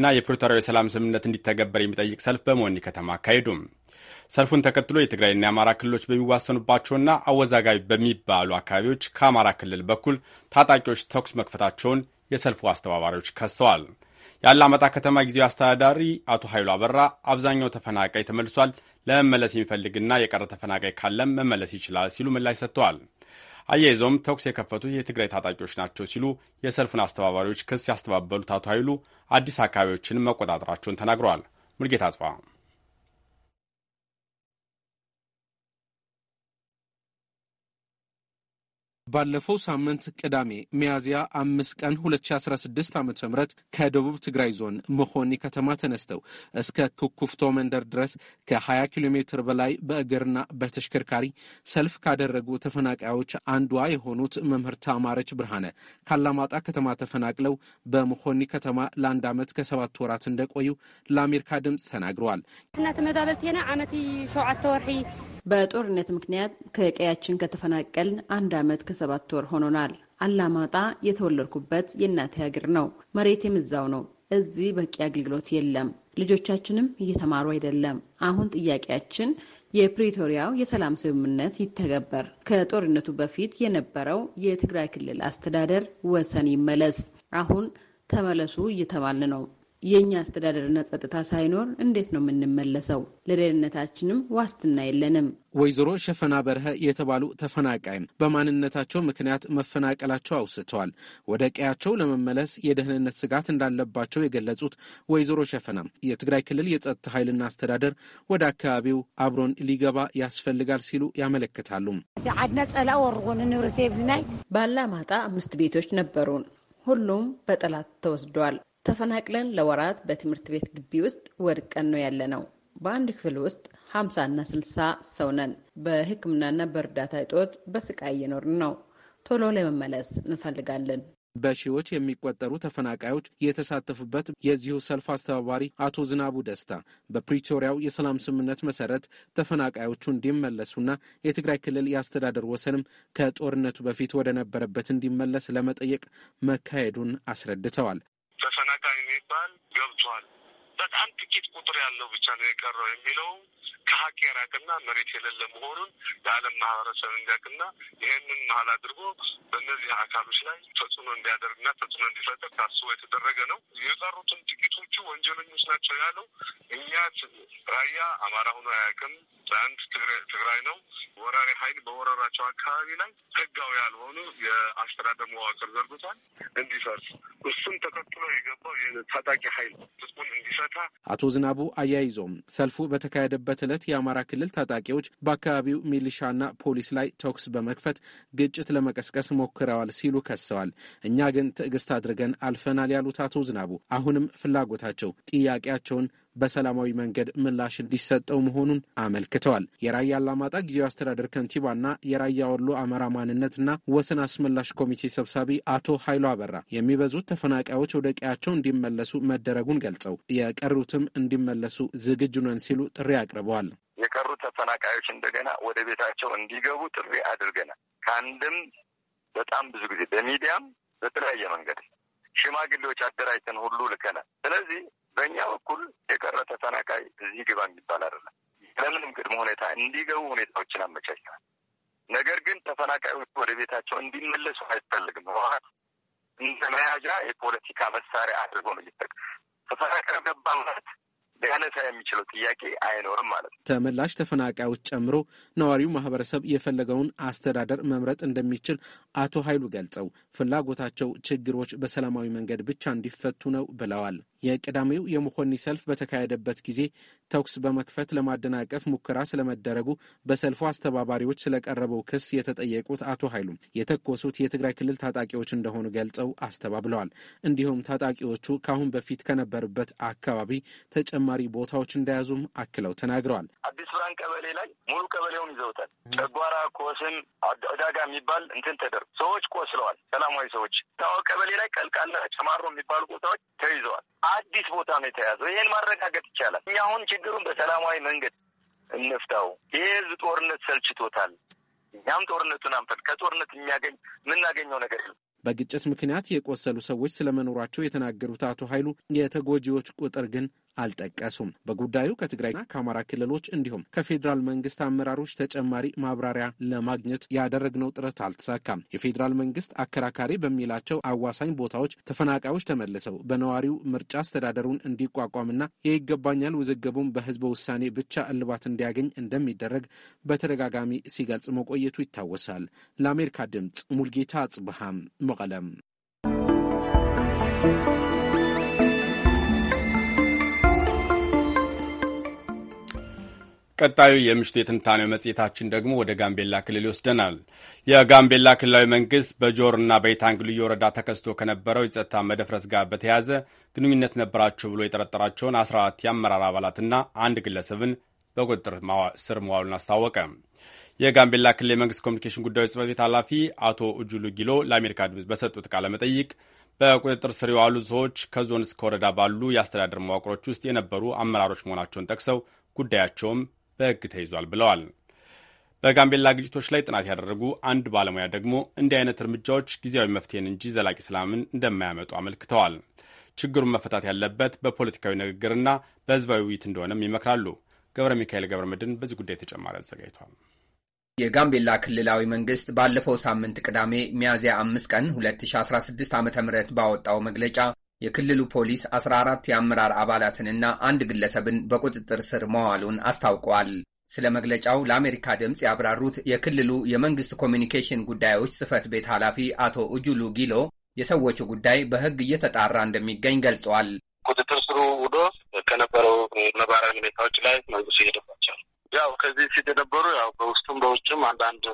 እና የፕሪቶሪያው የሰላም ስምምነት እንዲተገበር የሚጠይቅ ሰልፍ በመሆኒ ከተማ አካሄዱም። ሰልፉን ተከትሎ የትግራይና የአማራ ክልሎች በሚዋሰኑባቸውና አወዛጋቢ በሚባሉ አካባቢዎች ከአማራ ክልል በኩል ታጣቂዎች ተኩስ መክፈታቸውን የሰልፉ አስተባባሪዎች ከሰዋል። የአላማጣ ከተማ ጊዜው አስተዳዳሪ አቶ ኃይሉ አበራ አብዛኛው ተፈናቃይ ተመልሷል፣ ለመመለስ የሚፈልግና የቀረ ተፈናቃይ ካለም መመለስ ይችላል ሲሉ ምላሽ ሰጥተዋል። አያይዘውም ተኩስ የከፈቱት የትግራይ ታጣቂዎች ናቸው ሲሉ የሰልፉን አስተባባሪዎች ክስ ያስተባበሉት አቶ ኃይሉ አዲስ አካባቢዎችንም መቆጣጠራቸውን ተናግረዋል። ሙልጌታ አጽፋ ባለፈው ሳምንት ቅዳሜ ሚያዝያ አምስት ቀን 2016 ዓ ም ከደቡብ ትግራይ ዞን መኾኒ ከተማ ተነስተው እስከ ኩኩፍቶ መንደር ድረስ ከ20 ኪሎ ሜትር በላይ በእግርና በተሽከርካሪ ሰልፍ ካደረጉ ተፈናቃዮች አንዷ የሆኑት መምህርት አማረች ብርሃነ ካላማጣ ከተማ ተፈናቅለው በመኾኒ ከተማ ለአንድ ዓመት ከሰባት ወራት እንደቆዩ ለአሜሪካ ድምፅ ተናግረዋል። በጦርነት ምክንያት ከቀያችን ከተፈናቀልን አንድ ዓመት ከሰባት ወር ሆኖናል። አላማጣ የተወለድኩበት የእናቴ ሀገር ነው። መሬቴም እዛው ነው። እዚህ በቂ አገልግሎት የለም። ልጆቻችንም እየተማሩ አይደለም። አሁን ጥያቄያችን የፕሪቶሪያው የሰላም ስምምነት ይተገበር፣ ከጦርነቱ በፊት የነበረው የትግራይ ክልል አስተዳደር ወሰን ይመለስ፣ አሁን ተመለሱ እየተባልን ነው። የእኛ አስተዳደርና ጸጥታ ሳይኖር እንዴት ነው የምንመለሰው? ለደህንነታችንም ዋስትና የለንም። ወይዘሮ ሸፈና በረሀ የተባሉ ተፈናቃይም በማንነታቸው ምክንያት መፈናቀላቸው አውስተዋል። ወደ ቀያቸው ለመመለስ የደህንነት ስጋት እንዳለባቸው የገለጹት ወይዘሮ ሸፈና የትግራይ ክልል የጸጥታ ኃይልና አስተዳደር ወደ አካባቢው አብሮን ሊገባ ያስፈልጋል ሲሉ ያመለክታሉ። ዓድና ጸላ ወርጎን ንብረት የብልናይ ባላማጣ አምስት ቤቶች ነበሩን። ሁሉም በጠላት ተወስደዋል። ተፈናቅለን ለወራት በትምህርት ቤት ግቢ ውስጥ ወድቀን ነው ያለነው። በአንድ ክፍል ውስጥ ሀምሳና ስልሳ ሰው ነን። በሕክምናና በእርዳታ እጦት በስቃይ እየኖርን ነው። ቶሎ ለመመለስ እንፈልጋለን። በሺዎች የሚቆጠሩ ተፈናቃዮች የተሳተፉበት የዚሁ ሰልፍ አስተባባሪ አቶ ዝናቡ ደስታ በፕሪቶሪያው የሰላም ስምምነት መሰረት ተፈናቃዮቹ እንዲመለሱና የትግራይ ክልል የአስተዳደር ወሰንም ከጦርነቱ በፊት ወደ ነበረበት እንዲመለስ ለመጠየቅ መካሄዱን አስረድተዋል። ተፈናቃይ የሚባል ገብቷል። በጣም ጥቂት ቁጥር ያለው ብቻ ነው የቀረው የሚለው ከሀቅ የራቅና መሬት የሌለ መሆኑን ለዓለም ማህበረሰብ እንዲያውቅና ይህንን መሀል አድርጎ በእነዚህ አካሎች ላይ ተጽዕኖ እንዲያደርግና ተጽዕኖ እንዲፈጠር ታስቦ የተደረገ ነው። የቀሩትን ጥቂቶቹ ወንጀለኞች ናቸው ያለው እኛ ራያ አማራ ሆኖ አያውቅም። በአንድ ትግራይ ነው። ወራሪ ኃይል በወረራቸው አካባቢ ላይ ህጋዊ ያልሆኑ የአስተዳደር መዋቅር ዘርግቷል እንዲፈርስ እሱም ተከትሎ የገባው ታጣቂ ኃይል ህዝቡን እንዲፈ አቶ ዝናቡ አያይዞም ሰልፉ በተካሄደበት ዕለት የአማራ ክልል ታጣቂዎች በአካባቢው ሚሊሻና ፖሊስ ላይ ተኩስ በመክፈት ግጭት ለመቀስቀስ ሞክረዋል ሲሉ ከሰዋል። እኛ ግን ትዕግስት አድርገን አልፈናል ያሉት አቶ ዝናቡ አሁንም ፍላጎታቸው ጥያቄያቸውን በሰላማዊ መንገድ ምላሽ እንዲሰጠው መሆኑን አመልክተዋል። የራያ አላማጣ ጊዜያዊ አስተዳደር ከንቲባና የራያ ወሎ አማራ ማንነትና ወሰን አስመላሽ ኮሚቴ ሰብሳቢ አቶ ኃይሉ አበራ የሚበዙት ተፈናቃዮች ወደ ቀያቸው እንዲመለሱ መደረጉን ገልጸው የቀሩትም እንዲመለሱ ዝግጁ ነን ሲሉ ጥሪ አቅርበዋል። የቀሩ ተፈናቃዮች እንደገና ወደ ቤታቸው እንዲገቡ ጥሪ አድርገናል። ከአንድም በጣም ብዙ ጊዜ በሚዲያም በተለያየ መንገድ ሽማግሌዎች አደራጅተን ሁሉ ልከናል። ስለዚህ በእኛ በኩል የቀረ ተፈናቃይ እዚህ ግባ የሚባል አይደለም። ለምንም ቅድመ ሁኔታ እንዲገቡ ሁኔታዎችን አመቻችተናል። ነገር ግን ተፈናቃዮች ወደ ቤታቸው እንዲመለሱ አይፈልግም። ህወሓት እንደ መያዣ የፖለቲካ መሳሪያ አድርጎ ነው ይጠቅ ተፈናቃዩ ገባ ማለት ሊያነሳ የሚችለው ጥያቄ አይኖርም ማለት ነው። ተመላሽ ተፈናቃዮች ጨምሮ ነዋሪው ማህበረሰብ የፈለገውን አስተዳደር መምረጥ እንደሚችል አቶ ኃይሉ ገልጸው ፍላጎታቸው ችግሮች በሰላማዊ መንገድ ብቻ እንዲፈቱ ነው ብለዋል። የቅዳሜው የመኮኒ ሰልፍ በተካሄደበት ጊዜ ተኩስ በመክፈት ለማደናቀፍ ሙከራ ስለመደረጉ በሰልፉ አስተባባሪዎች ስለቀረበው ክስ የተጠየቁት አቶ ኃይሉም የተኮሱት የትግራይ ክልል ታጣቂዎች እንደሆኑ ገልጸው አስተባብለዋል። እንዲሁም ታጣቂዎቹ ከአሁን በፊት ከነበሩበት አካባቢ ተጨማሪ ቦታዎች እንደያዙም አክለው ተናግረዋል። አዲስ ብራን ቀበሌ ላይ ሙሉ ቀበሌውን ይዘውታል። ጨጓራ ኮስን፣ ዕዳጋ የሚባል እንትን ተደ ነገር ሰዎች ቆስለዋል። ሰላማዊ ሰዎች ታወቀ ቀበሌ ላይ ቀልቃለ ጨማሮ የሚባሉ ቦታዎች ተይዘዋል። አዲስ ቦታ ነው የተያዘው። ይህን ማረጋገጥ ይቻላል። እኛ አሁን ችግሩን በሰላማዊ መንገድ እንፍታው። የህዝብ ጦርነት ሰልችቶታል። እኛም ጦርነቱን አንፈድ። ከጦርነት የሚያገኝ የምናገኘው ነገር የለም። በግጭት ምክንያት የቆሰሉ ሰዎች ስለመኖራቸው የተናገሩት አቶ ኃይሉ የተጎጂዎች ቁጥር ግን አልጠቀሱም። በጉዳዩ ከትግራይና ከአማራ ክልሎች እንዲሁም ከፌዴራል መንግስት አመራሮች ተጨማሪ ማብራሪያ ለማግኘት ያደረግነው ጥረት አልተሳካም። የፌዴራል መንግስት አከራካሪ በሚላቸው አዋሳኝ ቦታዎች ተፈናቃዮች ተመልሰው በነዋሪው ምርጫ አስተዳደሩን እንዲቋቋምና የይገባኛል ውዝግቡን በህዝበ ውሳኔ ብቻ እልባት እንዲያገኝ እንደሚደረግ በተደጋጋሚ ሲገልጽ መቆየቱ ይታወሳል። ለአሜሪካ ድምፅ ሙልጌታ አጽብሃም መቀለም ቀጣዩ የምሽቱ የትንታኔው መጽሔታችን ደግሞ ወደ ጋምቤላ ክልል ይወስደናል። የጋምቤላ ክልላዊ መንግስት በጆርና በኢታንግ ልዩ ወረዳ ተከስቶ ከነበረው የጸጥታ መደፍረስ ጋር በተያያዘ ግንኙነት ነበራቸው ብሎ የጠረጠራቸውን 14 የአመራር አባላትና አንድ ግለሰብን በቁጥጥር ስር መዋሉን አስታወቀ። የጋምቤላ ክልል የመንግስት ኮሚኒኬሽን ጉዳዮች ጽህፈት ቤት ኃላፊ አቶ እጁሉ ጊሎ ለአሜሪካ ድምፅ በሰጡት ቃለ መጠይቅ በቁጥጥር ስር የዋሉ ሰዎች ከዞን እስከ ወረዳ ባሉ የአስተዳደር መዋቅሮች ውስጥ የነበሩ አመራሮች መሆናቸውን ጠቅሰው ጉዳያቸውም በሕግ ተይዟል ብለዋል። በጋምቤላ ግጭቶች ላይ ጥናት ያደረጉ አንድ ባለሙያ ደግሞ እንዲህ አይነት እርምጃዎች ጊዜያዊ መፍትሄን እንጂ ዘላቂ ሰላምን እንደማያመጡ አመልክተዋል። ችግሩን መፈታት ያለበት በፖለቲካዊ ንግግርና በህዝባዊ ውይይት እንደሆነም ይመክራሉ። ገብረ ሚካኤል ገብረ መድን በዚህ ጉዳይ ተጨማሪ አዘጋጅቷል። የጋምቤላ ክልላዊ መንግስት ባለፈው ሳምንት ቅዳሜ ሚያዝያ አምስት ቀን 2016 ዓ ም ባወጣው መግለጫ የክልሉ ፖሊስ 14 የአመራር አባላትንና አንድ ግለሰብን በቁጥጥር ስር መዋሉን አስታውቀዋል። ስለ መግለጫው ለአሜሪካ ድምፅ ያብራሩት የክልሉ የመንግስት ኮሚኒኬሽን ጉዳዮች ጽህፈት ቤት ኃላፊ አቶ እጁሉ ጊሎ የሰዎቹ ጉዳይ በሕግ እየተጣራ እንደሚገኝ ገልጸዋል። ቁጥጥር ስሩ ውዶ ከነበረው ነባራዊ ሁኔታዎች ላይ መንግስት እየደባቸዋል። ያው ከዚህ ፊት የነበሩ ያው በውስጡም በውጭም አንዳንድ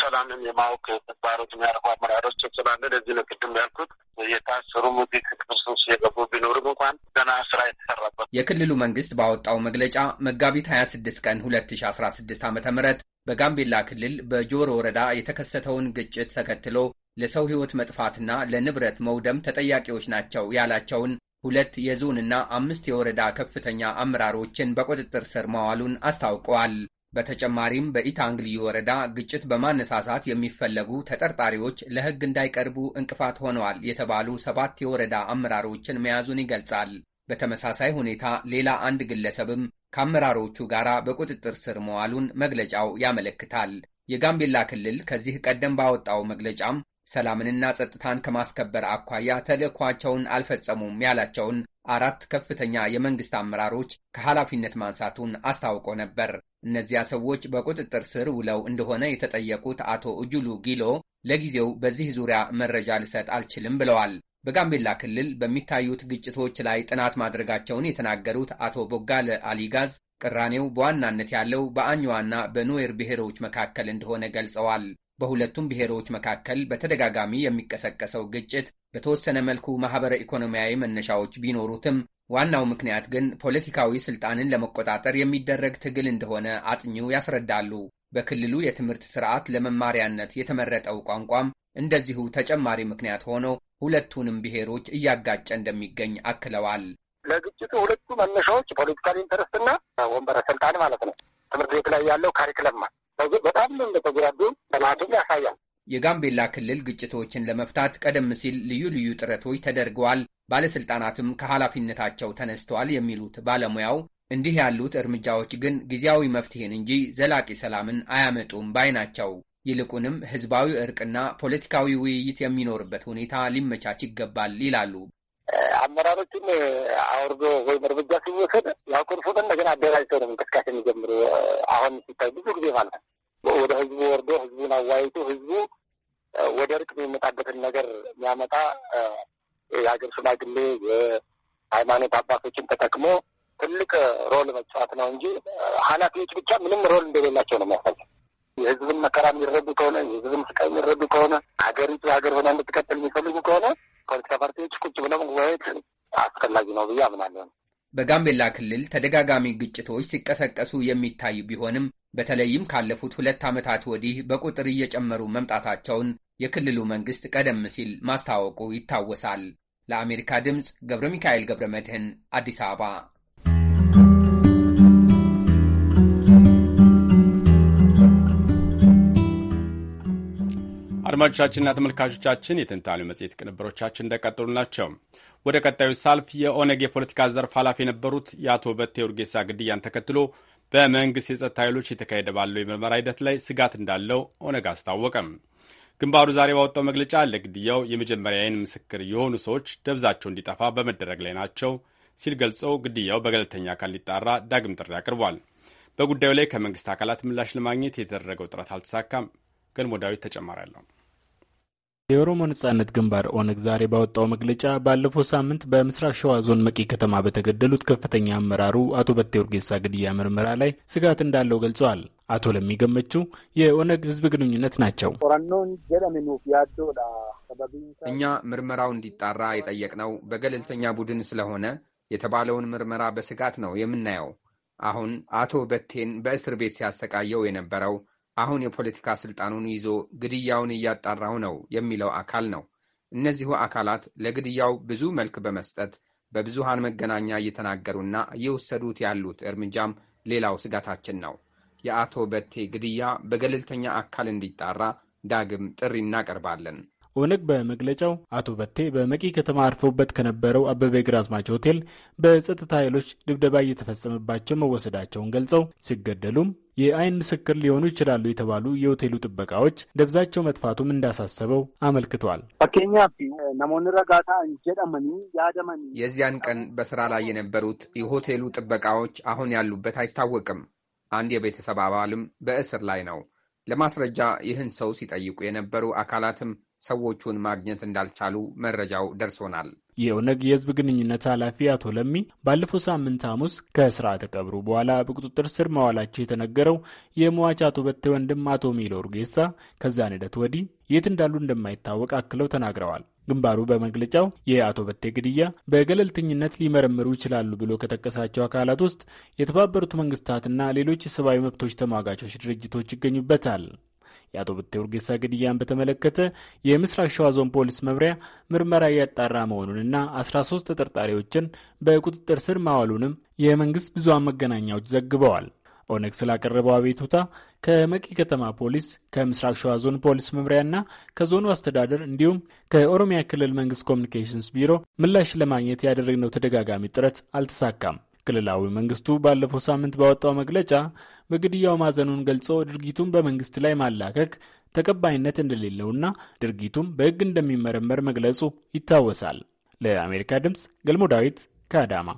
ሰላምን የማወቅ ተግባሮት የሚያደርጉ አመራሮች ስላለ ለዚህ ነው ቅድም ያልኩት የታሰሩ ሙዚክ ክፍል የገቡ ቢኖርም እንኳን ገና ስራ የተሰራበት። የክልሉ መንግስት ባወጣው መግለጫ መጋቢት ሀያ ስድስት ቀን ሁለት ሺ አስራ ስድስት ዓመተ ምህረት በጋምቤላ ክልል በጆሮ ወረዳ የተከሰተውን ግጭት ተከትሎ ለሰው ህይወት መጥፋትና ለንብረት መውደም ተጠያቂዎች ናቸው ያላቸውን ሁለት የዞንና አምስት የወረዳ ከፍተኛ አመራሮችን በቁጥጥር ስር መዋሉን አስታውቀዋል። በተጨማሪም በኢታንግ ልዩ ወረዳ ግጭት በማነሳሳት የሚፈለጉ ተጠርጣሪዎች ለሕግ እንዳይቀርቡ እንቅፋት ሆነዋል የተባሉ ሰባት የወረዳ አመራሮችን መያዙን ይገልጻል። በተመሳሳይ ሁኔታ ሌላ አንድ ግለሰብም ከአመራሮቹ ጋር በቁጥጥር ስር መዋሉን መግለጫው ያመለክታል። የጋምቤላ ክልል ከዚህ ቀደም ባወጣው መግለጫም ሰላምንና ጸጥታን ከማስከበር አኳያ ተልዕኳቸውን አልፈጸሙም ያላቸውን አራት ከፍተኛ የመንግሥት አመራሮች ከኃላፊነት ማንሳቱን አስታውቆ ነበር። እነዚያ ሰዎች በቁጥጥር ስር ውለው እንደሆነ የተጠየቁት አቶ እጁሉ ጊሎ ለጊዜው በዚህ ዙሪያ መረጃ ልሰጥ አልችልም ብለዋል። በጋምቤላ ክልል በሚታዩት ግጭቶች ላይ ጥናት ማድረጋቸውን የተናገሩት አቶ ቦጋለ አሊጋዝ ቅራኔው በዋናነት ያለው በአኝዋና በኑዌር ብሔሮች መካከል እንደሆነ ገልጸዋል። በሁለቱም ብሔሮች መካከል በተደጋጋሚ የሚቀሰቀሰው ግጭት በተወሰነ መልኩ ማኅበረ ኢኮኖሚያዊ መነሻዎች ቢኖሩትም ዋናው ምክንያት ግን ፖለቲካዊ ስልጣንን ለመቆጣጠር የሚደረግ ትግል እንደሆነ አጥኚው ያስረዳሉ። በክልሉ የትምህርት ስርዓት ለመማሪያነት የተመረጠው ቋንቋም እንደዚሁ ተጨማሪ ምክንያት ሆኖ ሁለቱንም ብሔሮች እያጋጨ እንደሚገኝ አክለዋል። ለግጭቱ ሁለቱ መነሻዎች ፖለቲካል ኢንተረስት እና ወንበረ ስልጣን ማለት ነው። ትምህርት ቤት ላይ ያለው ካሪክለማ በዚህ በጣም እንደተጉዳዱ ጥናቱም ያሳያል። የጋምቤላ ክልል ግጭቶችን ለመፍታት ቀደም ሲል ልዩ ልዩ ጥረቶች ተደርገዋል ባለሥልጣናትም ከኃላፊነታቸው ተነስተዋል የሚሉት ባለሙያው እንዲህ ያሉት እርምጃዎች ግን ጊዜያዊ መፍትሄን እንጂ ዘላቂ ሰላምን አያመጡም ባይ ናቸው። ይልቁንም ሕዝባዊ እርቅና ፖለቲካዊ ውይይት የሚኖርበት ሁኔታ ሊመቻች ይገባል ይላሉ። አመራሮቹን አውርዶ ወይም እርምጃ ሲወሰድ ያው ክንፉን እንደገና አደራጅተው ነው እንቅስቃሴ የሚጀምሩ። አሁን ሲታይ ብዙ ጊዜ ማለት ወደ ህዝቡ ወርዶ ህዝቡን አዋይቶ ህዝቡ ወደ እርቅ የሚመጣበትን ነገር የሚያመጣ የሀገር ሽማግሌ የሃይማኖት አባቶችን ተጠቅሞ ትልቅ ሮል መጫወት ነው እንጂ ኃላፊዎች ብቻ ምንም ሮል እንደሌላቸው ነው የሚያሳየው የህዝብን መከራ የሚረዱ ከሆነ የህዝብን ስቃይ የሚረዱ ከሆነ ሀገሪቱ ሀገር ሆና እንድትቀጥል የሚፈልጉ ከሆነ ፖለቲካ ፓርቲዎች ቁጭ ብለው መወያየት አስፈላጊ ነው ብዬ አምናለሁ። በጋምቤላ ክልል ተደጋጋሚ ግጭቶች ሲቀሰቀሱ የሚታይ ቢሆንም በተለይም ካለፉት ሁለት ዓመታት ወዲህ በቁጥር እየጨመሩ መምጣታቸውን የክልሉ መንግስት ቀደም ሲል ማስታወቁ ይታወሳል። ለአሜሪካ ድምፅ ገብረ ሚካኤል ገብረ መድህን አዲስ አበባ። አድማጮቻችንና ተመልካቾቻችን የትንታኔው መጽሔት ቅንብሮቻችን እንደቀጠሉ ናቸው። ወደ ቀጣዩ ሳልፍ የኦነግ የፖለቲካ ዘርፍ ኃላፊ የነበሩት የአቶ በቴ ኡርጌሳ ግድያን ተከትሎ በመንግሥት የጸጥታ ኃይሎች የተካሄደ ባለው የምርመራ ሂደት ላይ ስጋት እንዳለው ኦነግ አስታወቀም። ግንባሩ ዛሬ ባወጣው መግለጫ ለግድያው የመጀመሪያ አይን ምስክር የሆኑ ሰዎች ደብዛቸው እንዲጠፋ በመደረግ ላይ ናቸው ሲል ገልጾ ግድያው በገለልተኛ አካል ሊጣራ ዳግም ጥሪ አቅርቧል። በጉዳዩ ላይ ከመንግስት አካላት ምላሽ ለማግኘት የተደረገው ጥረት አልተሳካም። ገልሞ ዳዊት ተጨማሪ ያለው የኦሮሞ ነጻነት ግንባር ኦነግ ዛሬ ባወጣው መግለጫ ባለፈው ሳምንት በምስራቅ ሸዋ ዞን መቂ ከተማ በተገደሉት ከፍተኛ አመራሩ አቶ በቴ ኡርጌሳ ግድያ ምርመራ ላይ ስጋት እንዳለው ገልጸዋል። አቶ ለሚገመቹ የኦነግ ህዝብ ግንኙነት ናቸው። እኛ ምርመራው እንዲጣራ የጠየቅነው በገለልተኛ ቡድን ስለሆነ የተባለውን ምርመራ በስጋት ነው የምናየው። አሁን አቶ በቴን በእስር ቤት ሲያሰቃየው የነበረው አሁን የፖለቲካ ስልጣኑን ይዞ ግድያውን እያጣራው ነው የሚለው አካል ነው። እነዚሁ አካላት ለግድያው ብዙ መልክ በመስጠት በብዙሃን መገናኛ እየተናገሩና እየወሰዱት ያሉት እርምጃም ሌላው ስጋታችን ነው። የአቶ በቴ ግድያ በገለልተኛ አካል እንዲጣራ ዳግም ጥሪ እናቀርባለን። ኦነግ በመግለጫው አቶ በቴ በመቂ ከተማ አርፈውበት ከነበረው አበበ ግራዝማች ሆቴል በጸጥታ ኃይሎች ድብደባ እየተፈጸመባቸው መወሰዳቸውን ገልጸው ሲገደሉም የአይን ምስክር ሊሆኑ ይችላሉ የተባሉ የሆቴሉ ጥበቃዎች ደብዛቸው መጥፋቱም እንዳሳሰበው አመልክቷል። የዚያን ቀን በስራ ላይ የነበሩት የሆቴሉ ጥበቃዎች አሁን ያሉበት አይታወቅም። አንድ የቤተሰብ አባልም በእስር ላይ ነው። ለማስረጃ ይህን ሰው ሲጠይቁ የነበሩ አካላትም ሰዎቹን ማግኘት እንዳልቻሉ መረጃው ደርሶናል። የኦነግ የህዝብ ግንኙነት ኃላፊ አቶ ለሚ ባለፈው ሳምንት ሐሙስ ከስርዓተ ቀብሩ በኋላ በቁጥጥር ስር መዋላቸው የተነገረው የሟች አቶ በቴ ወንድም አቶ ሚሎ ርጌሳ ከዛን ሂደት ወዲህ የት እንዳሉ እንደማይታወቅ አክለው ተናግረዋል። ግንባሩ በመግለጫው የአቶ በቴ ግድያ በገለልተኝነት ሊመረምሩ ይችላሉ ብሎ ከጠቀሳቸው አካላት ውስጥ የተባበሩት መንግስታትና ሌሎች የሰብአዊ መብቶች ተሟጋቾች ድርጅቶች ይገኙበታል። የአቶ ብቴ ኡርጌሳ ግድያን በተመለከተ የምስራቅ ሸዋ ዞን ፖሊስ መምሪያ ምርመራ እያጣራ መሆኑንና 13 ተጠርጣሪዎችን በቁጥጥር ስር ማዋሉንም የመንግስት ብዙሃን መገናኛዎች ዘግበዋል። ኦነግ ስላቀረበው አቤቱታ ከመቂ ከተማ ፖሊስ፣ ከምስራቅ ሸዋ ዞን ፖሊስ መምሪያና ከዞኑ አስተዳደር እንዲሁም ከኦሮሚያ ክልል መንግስት ኮሚኒኬሽንስ ቢሮ ምላሽ ለማግኘት ያደረግነው ተደጋጋሚ ጥረት አልተሳካም። ክልላዊ መንግስቱ ባለፈው ሳምንት ባወጣው መግለጫ በግድያው ማዘኑን ገልጾ ድርጊቱን በመንግስት ላይ ማላከክ ተቀባይነት እንደሌለውና ድርጊቱም በሕግ እንደሚመረመር መግለጹ ይታወሳል። ለአሜሪካ ድምፅ ገልሞ ዳዊት ከአዳማ።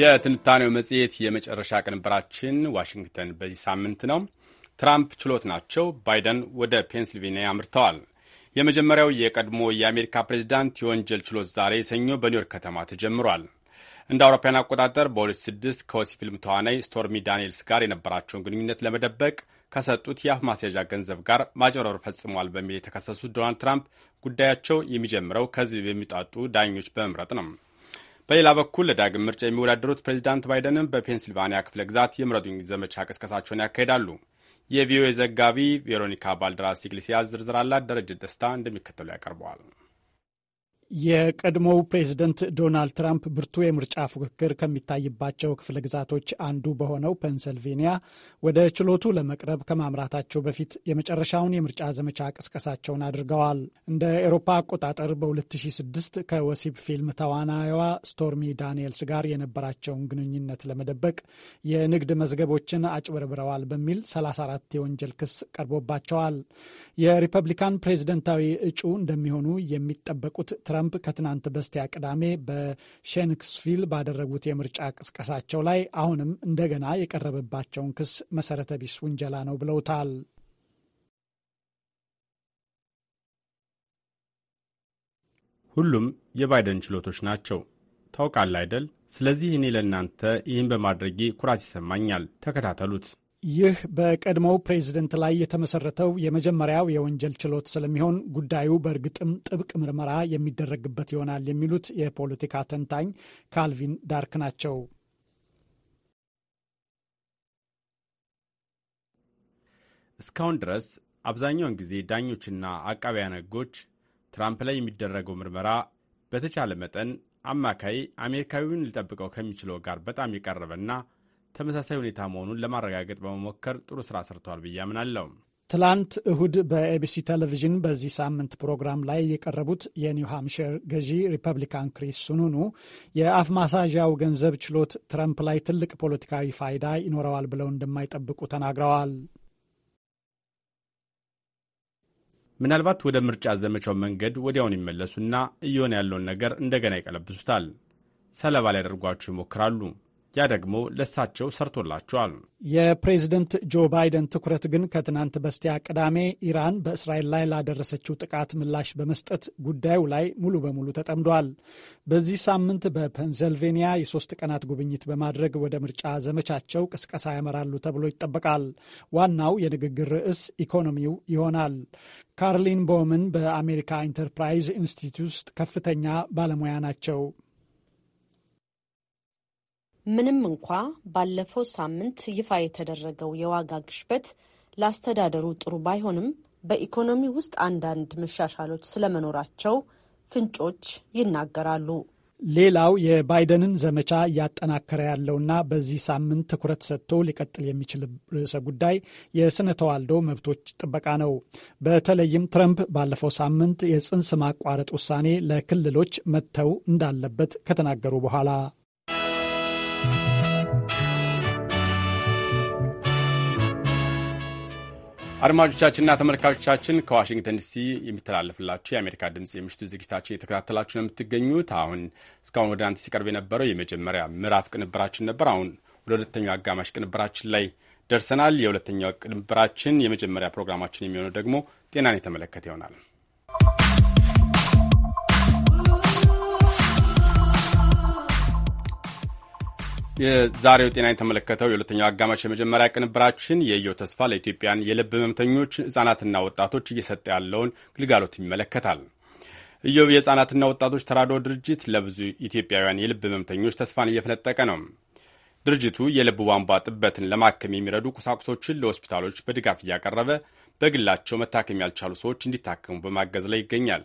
የትንታኔው መጽሔት የመጨረሻ ቅንብራችን ዋሽንግተን በዚህ ሳምንት ነው። ትራምፕ ችሎት ናቸው። ባይደን ወደ ፔንስልቬንያ አምርተዋል። የመጀመሪያው የቀድሞ የአሜሪካ ፕሬዚዳንት የወንጀል ችሎት ዛሬ ሰኞ በኒውዮርክ ከተማ ተጀምሯል። እንደ አውሮፓውያን አቆጣጠር በ2006 ከወሲ ፊልም ተዋናይ ስቶርሚ ዳንኤልስ ጋር የነበራቸውን ግንኙነት ለመደበቅ ከሰጡት የአፍ ማስያዣ ገንዘብ ጋር ማጭበርበር ፈጽሟል በሚል የተከሰሱት ዶናልድ ትራምፕ ጉዳያቸው የሚጀምረው ከዚህ የሚጣጡ ዳኞች በመምረጥ ነው። በሌላ በኩል ለዳግም ምርጫ የሚወዳደሩት ፕሬዚዳንት ባይደንም በፔንሲልቫኒያ ክፍለ ግዛት የምረጡኝ ዘመቻ ቅስቀሳቸውን ያካሂዳሉ። የቪኦኤ ዘጋቢ ቬሮኒካ ባልደራስ ኢግሊሲያስ ዝርዝር አላት። ደረጀ ደስታ እንደሚከተሉ ያቀርበዋል። የቀድሞው ፕሬዝደንት ዶናልድ ትራምፕ ብርቱ የምርጫ ፉክክር ከሚታይባቸው ክፍለ ግዛቶች አንዱ በሆነው ፔንሰልቬኒያ ወደ ችሎቱ ለመቅረብ ከማምራታቸው በፊት የመጨረሻውን የምርጫ ዘመቻ ቅስቀሳቸውን አድርገዋል። እንደ ኤሮፓ አቆጣጠር በ2006 ከወሲብ ፊልም ተዋናይዋ ስቶርሚ ዳንኤልስ ጋር የነበራቸውን ግንኙነት ለመደበቅ የንግድ መዝገቦችን አጭበርብረዋል በሚል 34 የወንጀል ክስ ቀርቦባቸዋል። የሪፐብሊካን ፕሬዝደንታዊ እጩ እንደሚሆኑ የሚጠበቁት ትራምፕ ትራምፕ ከትናንት በስቲያ ቅዳሜ በሼንክስቪል ባደረጉት የምርጫ ቅስቀሳቸው ላይ አሁንም እንደገና የቀረበባቸውን ክስ መሰረተ ቢስ ውንጀላ ነው ብለውታል። ሁሉም የባይደን ችሎቶች ናቸው። ታውቃል አይደል? ስለዚህ እኔ ለእናንተ ይህን በማድረጌ ኩራት ይሰማኛል። ተከታተሉት። ይህ በቀድሞው ፕሬዝደንት ላይ የተመሰረተው የመጀመሪያው የወንጀል ችሎት ስለሚሆን ጉዳዩ በእርግጥም ጥብቅ ምርመራ የሚደረግበት ይሆናል የሚሉት የፖለቲካ ተንታኝ ካልቪን ዳርክ ናቸው። እስካሁን ድረስ አብዛኛውን ጊዜ ዳኞችና አቃቢያን ሕጎች ትራምፕ ላይ የሚደረገው ምርመራ በተቻለ መጠን አማካይ አሜሪካዊውን ሊጠብቀው ከሚችለው ጋር በጣም የቀረበና ተመሳሳይ ሁኔታ መሆኑን ለማረጋገጥ በመሞከር ጥሩ ስራ ሰርተዋል ብዬ አምናለሁ። ትላንት እሁድ በኤቢሲ ቴሌቪዥን በዚህ ሳምንት ፕሮግራም ላይ የቀረቡት የኒው ሃምሽር ገዢ ሪፐብሊካን ክሪስ ሱኑኑ የአፍ ማሳዣው ገንዘብ ችሎት ትረምፕ ላይ ትልቅ ፖለቲካዊ ፋይዳ ይኖረዋል ብለው እንደማይጠብቁ ተናግረዋል። ምናልባት ወደ ምርጫ ዘመቻው መንገድ ወዲያውን ይመለሱና እየሆነ ያለውን ነገር እንደገና ይቀለብሱታል፣ ሰለባ ሊያደርጓቸው ይሞክራሉ። ያ ደግሞ ለሳቸው ሰርቶላቸዋል። የፕሬዝደንት ጆ ባይደን ትኩረት ግን ከትናንት በስቲያ ቅዳሜ ኢራን በእስራኤል ላይ ላደረሰችው ጥቃት ምላሽ በመስጠት ጉዳዩ ላይ ሙሉ በሙሉ ተጠምዷል። በዚህ ሳምንት በፔንሰልቬኒያ የሶስት ቀናት ጉብኝት በማድረግ ወደ ምርጫ ዘመቻቸው ቅስቀሳ ያመራሉ ተብሎ ይጠበቃል። ዋናው የንግግር ርዕስ ኢኮኖሚው ይሆናል። ካርሊን ቦምን በአሜሪካ ኢንተርፕራይዝ ኢንስቲትዩት ውስጥ ከፍተኛ ባለሙያ ናቸው። ምንም እንኳ ባለፈው ሳምንት ይፋ የተደረገው የዋጋ ግሽበት ለአስተዳደሩ ጥሩ ባይሆንም በኢኮኖሚ ውስጥ አንዳንድ መሻሻሎች ስለመኖራቸው ፍንጮች ይናገራሉ። ሌላው የባይደንን ዘመቻ እያጠናከረ ያለውና በዚህ ሳምንት ትኩረት ሰጥቶ ሊቀጥል የሚችል ርዕሰ ጉዳይ የስነ ተዋልዶ መብቶች ጥበቃ ነው። በተለይም ትረምፕ ባለፈው ሳምንት የጽንስ ማቋረጥ ውሳኔ ለክልሎች መተው እንዳለበት ከተናገሩ በኋላ አድማጮቻችንና ተመልካቾቻችን ከዋሽንግተን ዲሲ የሚተላለፍላችሁ የአሜሪካ ድምፅ የምሽቱ ዝግጅታችን የተከታተላችሁ ነው የምትገኙት። አሁን እስካሁን ወደ አንተ ሲቀርብ የነበረው የመጀመሪያ ምዕራፍ ቅንብራችን ነበር። አሁን ወደ ሁለተኛው አጋማሽ ቅንብራችን ላይ ደርሰናል። የሁለተኛው ቅንብራችን የመጀመሪያ ፕሮግራማችን የሚሆነው ደግሞ ጤናን የተመለከተ ይሆናል። የዛሬው ጤና የተመለከተው የሁለተኛው አጋማሽ የመጀመሪያ ቅንብራችን የየው ተስፋ ለኢትዮጵያን የልብ ህመምተኞች ህጻናትና ወጣቶች እየሰጠ ያለውን ግልጋሎት ይመለከታል። እዮብ የህጻናትና ወጣቶች ተራድኦ ድርጅት ለብዙ ኢትዮጵያውያን የልብ ህመምተኞች ተስፋን እየፈነጠቀ ነው። ድርጅቱ የልብ ቧንቧ ጥበትን ለማከም የሚረዱ ቁሳቁሶችን ለሆስፒታሎች በድጋፍ እያቀረበ በግላቸው መታከም ያልቻሉ ሰዎች እንዲታከሙ በማገዝ ላይ ይገኛል።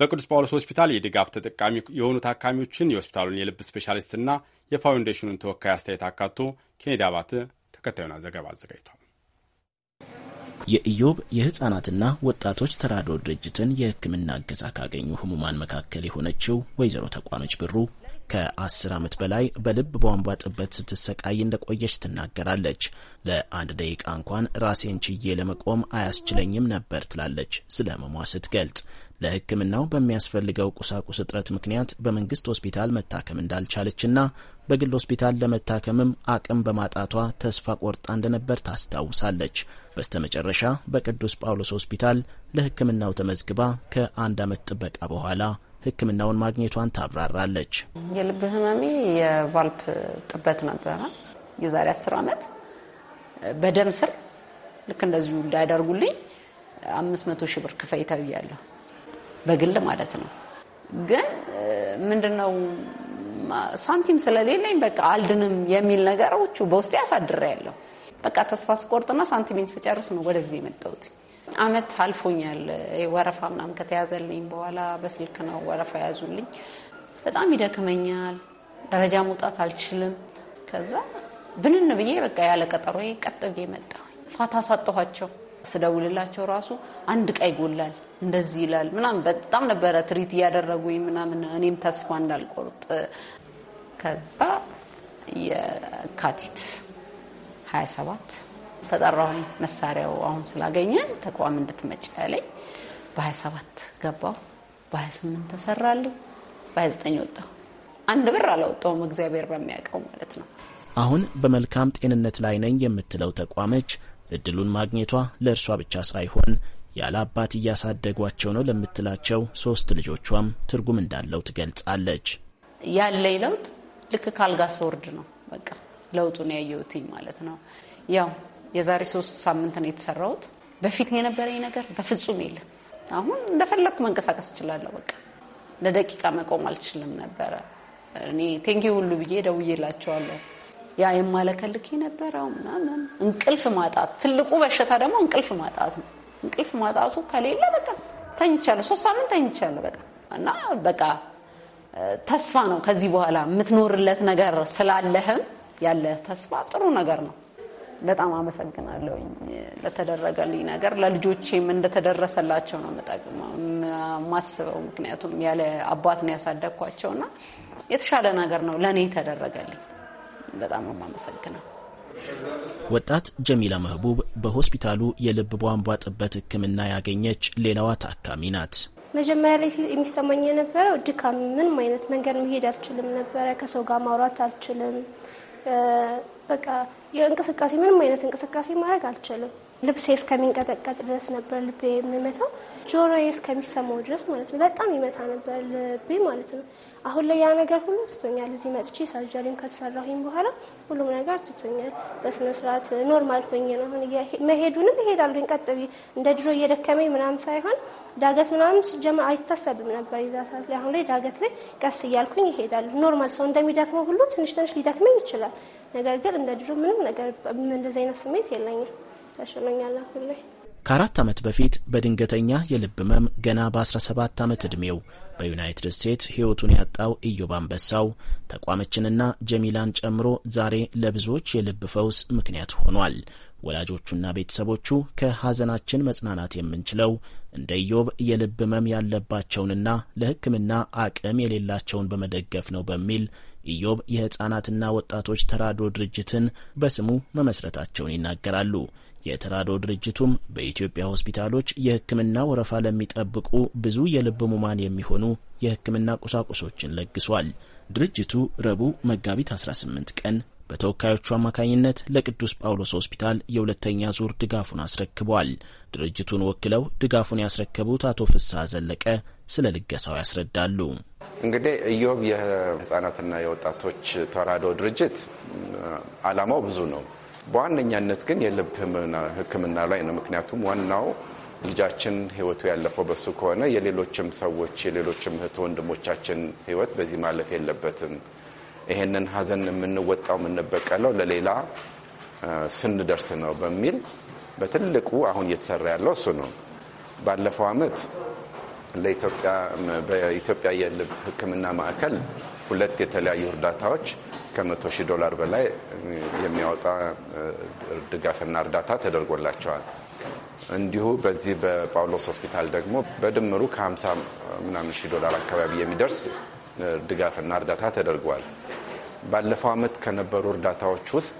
በቅዱስ ጳውሎስ ሆስፒታል የድጋፍ ተጠቃሚ የሆኑ ታካሚዎችን የሆስፒታሉን የልብ ስፔሻሊስትና የፋውንዴሽኑን ተወካይ አስተያየት አካቶ ኬኔዲ አባተ ተከታዩን ዘገባ አዘጋጅቷል። የኢዮብ የህጻናትና ወጣቶች ተራድኦ ድርጅትን የህክምና እገዛ ካገኙ ህሙማን መካከል የሆነችው ወይዘሮ ተቋኖች ብሩ ከአስር ዓመት በላይ በልብ ቧንቧ ጥበት ስትሰቃይ እንደቆየች ትናገራለች። ለአንድ ደቂቃ እንኳን ራሴን ችዬ ለመቆም አያስችለኝም ነበር ትላለች ስለ መሟ ስትገልጽ። ለሕክምናው በሚያስፈልገው ቁሳቁስ እጥረት ምክንያት በመንግስት ሆስፒታል መታከም እንዳልቻለችና በግል ሆስፒታል ለመታከምም አቅም በማጣቷ ተስፋ ቆርጣ እንደነበር ታስታውሳለች። በስተመጨረሻ በቅዱስ ጳውሎስ ሆስፒታል ለሕክምናው ተመዝግባ ከአንድ ዓመት ጥበቃ በኋላ ሕክምናውን ማግኘቷን ታብራራለች። የልብ ህመሜ የቫልፕ ጥበት ነበረ። የዛሬ አስር ዓመት በደም ስር ልክ እንደዚሁ እንዳያደርጉልኝ አምስት መቶ ሺህ ብር ክፈይ ተብያለሁ። በግል ማለት ነው። ግን ምንድነው ሳንቲም ስለሌለኝ በቃ አልድንም የሚል ነገሮቹ በውስጤ ያሳድረ ያለሁ በቃ ተስፋ ስቆርጥና ሳንቲሜን ስጨርስ ነው ወደዚህ የመጣሁት። አመት አልፎኛል። ወረፋ ምናምን ከተያዘልኝ በኋላ በስልክ ነው ወረፋ የያዙልኝ። በጣም ይደክመኛል። ደረጃ መውጣት አልችልም። ከዛ ብንን ብዬ በቃ ያለ ቀጠሮ ቀጥ ብዬ መጣሁ። ፋታ ሳጠኋቸው። ስደውልላቸው ራሱ አንድ ቀይ ጎላል። እንደዚህ ይላል ምናምን በጣም ነበረ ትሪት እያደረጉኝ ምናምን እኔም ተስፋ እንዳልቆርጥ ከዛ የካቲት 27 ተጠራሁኝ። መሳሪያው አሁን ስላገኘ ተቋም እንድትመጭ ያለኝ በ27 ገባሁ፣ በ28 ተሰራልኝ፣ በ29 ወጣሁ። አንድ ብር አላወጣሁም እግዚአብሔር በሚያውቀው ማለት ነው። አሁን በመልካም ጤንነት ላይ ነኝ የምትለው ተቋመች እድሉን ማግኘቷ ለእርሷ ብቻ ሳይሆን ያለ አባት እያሳደጓቸው ነው ለምትላቸው ሶስት ልጆቿም ትርጉም እንዳለው ትገልጻለች። ያለኝ ለውጥ ልክ ካልጋ ስወርድ ነው። በቃ ለውጡን ያየሁትኝ ማለት ነው። ያው የዛሬ ሶስት ሳምንት ነው የተሰራሁት። በፊት የነበረኝ ነገር በፍጹም የለም። አሁን እንደፈለግኩ መንቀሳቀስ እችላለሁ። በቃ ለደቂቃ መቆም አልችልም ነበረ። እኔ ቴንኪ ሁሉ ብዬ ደውዬላቸዋለሁ። ያ የማለከልክ የነበረው ምናምን እንቅልፍ ማጣት፣ ትልቁ በሽታ ደግሞ እንቅልፍ ማጣት ነው። እንቅልፍ ማጣቱ ከሌለ በቃ ተኝቻለሁ፣ ሶስት ሳምንት ተኝቻለሁ በቃ እና በቃ ተስፋ ነው። ከዚህ በኋላ የምትኖርለት ነገር ስላለህም ያለ ተስፋ ጥሩ ነገር ነው። በጣም አመሰግናለሁኝ ለተደረገልኝ ነገር። ለልጆቼም እንደተደረሰላቸው ነው የምጠቅመው የማስበው። ምክንያቱም ያለ አባት ነው ያሳደግኳቸውና የተሻለ ነገር ነው ለእኔ የተደረገልኝ። በጣም ነው የማመሰግነው። ወጣት ጀሚላ መህቡብ በሆስፒታሉ የልብ ቧንቧ ጥበት ሕክምና ያገኘች ሌላዋ ታካሚ ናት። መጀመሪያ ላይ የሚሰማኝ የነበረው ድካም፣ ምንም አይነት መንገድ መሄድ አልችልም ነበረ። ከሰው ጋር ማውራት አልችልም። በቃ የእንቅስቃሴ ምንም አይነት እንቅስቃሴ ማድረግ አልችልም። ልብሴ እስከሚንቀጠቀጥ ድረስ ነበር ልቤ የሚመታው። ጆሮዬ እስከሚሰማው ድረስ ማለት ነው። በጣም ይመታ ነበር ልቤ ማለት ነው። አሁን ላይ ያ ነገር ሁሉ ትቶኛል። እዚህ መጥቼ ሰርጀሪም ከተሰራሁኝ በኋላ ሁሉም ነገር ትቶኛል። በስነ ስርዓት ኖርማል ሆኜ ነው አሁን መሄዱንም እሄዳለሁ። ቀጥ እንደ ድሮ እየደከመኝ ምናምን ሳይሆን ዳገት ምናምን ስጀምር አይታሰብም ነበር የዛ ሰዓት ላይ። አሁን ላይ ዳገት ላይ ቀስ እያልኩኝ ይሄዳል። ኖርማል ሰው እንደሚደክመው ሁሉ ትንሽ ትንሽ ሊደክመኝ ይችላል። ነገር ግን እንደ ድሮ ምንም ነገር እንደዚህ አይነት ስሜት የለኝም። ተሽሎኛል አሁን ላይ። ከአራት ዓመት በፊት በድንገተኛ የልብ ህመም ገና በ17 ዓመት ዕድሜው በዩናይትድ ስቴትስ ሕይወቱን ያጣው ኢዮብ አንበሳው ተቋመችንና ጀሚላን ጨምሮ ዛሬ ለብዙዎች የልብ ፈውስ ምክንያት ሆኗል። ወላጆቹና ቤተሰቦቹ ከሐዘናችን መጽናናት የምንችለው እንደ ኢዮብ የልብ ህመም ያለባቸውንና ለሕክምና አቅም የሌላቸውን በመደገፍ ነው በሚል ኢዮብ የሕፃናትና ወጣቶች ተራድኦ ድርጅትን በስሙ መመስረታቸውን ይናገራሉ። የተራዶ ድርጅቱም በኢትዮጵያ ሆስፒታሎች የሕክምና ወረፋ ለሚጠብቁ ብዙ የልብ ሙማን የሚሆኑ የሕክምና ቁሳቁሶችን ለግሷል። ድርጅቱ ረቡዕ መጋቢት 18 ቀን በተወካዮቹ አማካኝነት ለቅዱስ ጳውሎስ ሆስፒታል የሁለተኛ ዙር ድጋፉን አስረክቧል። ድርጅቱን ወክለው ድጋፉን ያስረከቡት አቶ ፍስሐ ዘለቀ ስለ ልገሳው ያስረዳሉ። እንግዲህ እዮብ የህጻናትና የወጣቶች ተራድኦ ድርጅት ዓላማው ብዙ ነው። በዋነኛነት ግን የልብ ሕክምና ላይ ነው። ምክንያቱም ዋናው ልጃችን ህይወቱ ያለፈው በሱ ከሆነ የሌሎችም ሰዎች የሌሎችም እህት ወንድሞቻችን ህይወት በዚህ ማለፍ የለበትም። ይሄንን ሀዘን የምንወጣው የምንበቀለው ለሌላ ስንደርስ ነው በሚል በትልቁ አሁን እየተሰራ ያለው እሱ ነው። ባለፈው አመት በኢትዮጵያ የልብ ህክምና ማዕከል ሁለት የተለያዩ እርዳታዎች ከመቶ ሺህ ዶላር በላይ የሚያወጣ ድጋፍና እርዳታ ተደርጎላቸዋል። እንዲሁ በዚህ በጳውሎስ ሆስፒታል ደግሞ በድምሩ ከ50 ምናምን ሺህ ዶላር አካባቢ የሚደርስ ድጋፍና እርዳታ ተደርጓል። ባለፈው ዓመት ከነበሩ እርዳታዎች ውስጥ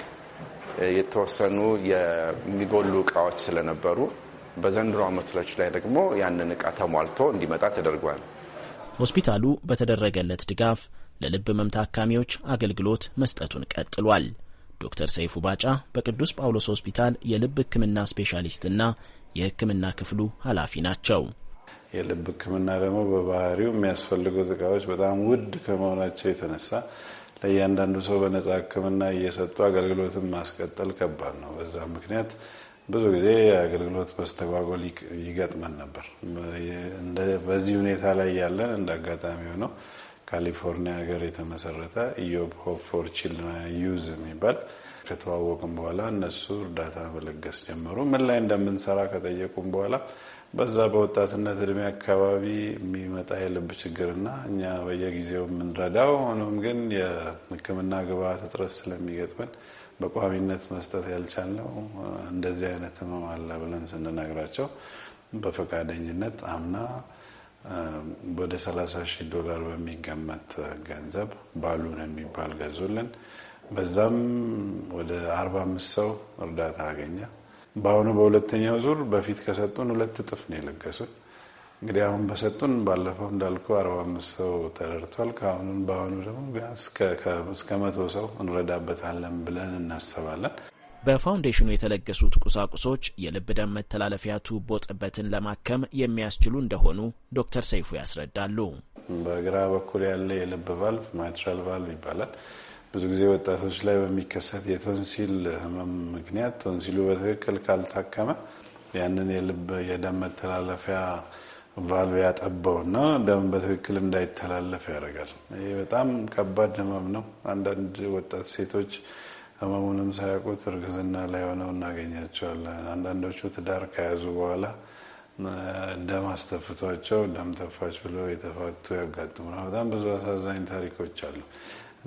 የተወሰኑ የሚጎሉ እቃዎች ስለነበሩ በዘንድሮ ዓመቶች ላይ ደግሞ ያንን እቃ ተሟልቶ እንዲመጣ ተደርጓል። ሆስፒታሉ በተደረገለት ድጋፍ ለልብ ህመም ታካሚዎች አገልግሎት መስጠቱን ቀጥሏል። ዶክተር ሰይፉ ባጫ በቅዱስ ጳውሎስ ሆስፒታል የልብ ህክምና ስፔሻሊስትና የህክምና ክፍሉ ኃላፊ ናቸው። የልብ ህክምና ደግሞ በባህሪው የሚያስፈልጉት እቃዎች በጣም ውድ ከመሆናቸው የተነሳ ለእያንዳንዱ ሰው በነጻ ህክምና እየሰጡ አገልግሎትን ማስቀጠል ከባድ ነው። በዛም ምክንያት ብዙ ጊዜ አገልግሎት መስተጓጎል ይገጥመን ነበር። በዚህ ሁኔታ ላይ ያለን እንደ አጋጣሚ ሆነው ካሊፎርኒያ ሀገር የተመሰረተ ኢዮብ ሆፕ ፎር ቺልድረን ዩዝ የሚባል ከተዋወቅም በኋላ እነሱ እርዳታ መለገስ ጀመሩ። ምን ላይ እንደምንሰራ ከጠየቁም በኋላ በዛ በወጣትነት እድሜ አካባቢ የሚመጣ የልብ ችግርና እኛ በየጊዜው የምንረዳው ሆኖም ግን የሕክምና ግብዓት እጥረት ስለሚገጥመን በቋሚነት መስጠት ያልቻልነው እንደዚህ አይነት ህመም አለ ብለን ስንነግራቸው በፈቃደኝነት አምና ወደ 30 ሺህ ዶላር በሚገመት ገንዘብ ባሉን የሚባል ገዙልን። በዛም ወደ 45 ሰው እርዳታ አገኘ። በአሁኑ በሁለተኛው ዙር በፊት ከሰጡን ሁለት እጥፍ ነው የለገሱን። እንግዲህ አሁን በሰጡን ባለፈው እንዳልኩ 45 ሰው ተረድቷል። ከአሁኑን በአሁኑ ደግሞ እስከ መቶ ሰው እንረዳበታለን ብለን እናስባለን። በፋውንዴሽኑ የተለገሱት ቁሳቁሶች የልብ ደም መተላለፊያ ቱቦ ጥበትን ለማከም የሚያስችሉ እንደሆኑ ዶክተር ሰይፉ ያስረዳሉ። በግራ በኩል ያለ የልብ ቫልቭ ማይትራል ቫልቭ ይባላል። ብዙ ጊዜ ወጣቶች ላይ በሚከሰት የቶንሲል ህመም ምክንያት ቶንሲሉ በትክክል ካልታከመ ያንን የልብ የደም መተላለፊያ ቫልቭ ያጠባውና ደም በትክክል እንዳይተላለፍ ያደርጋል። ይህ በጣም ከባድ ህመም ነው። አንዳንድ ወጣት ሴቶች ህመሙንም ሳያውቁት እርግዝና ላይ ሆነው እናገኛቸዋለን። አንዳንዶቹ ትዳር ከያዙ በኋላ ደም አስተፍቷቸው ደም ተፋች ብለው የተፋቱ ያጋጥሙና በጣም ብዙ አሳዛኝ ታሪኮች አሉ።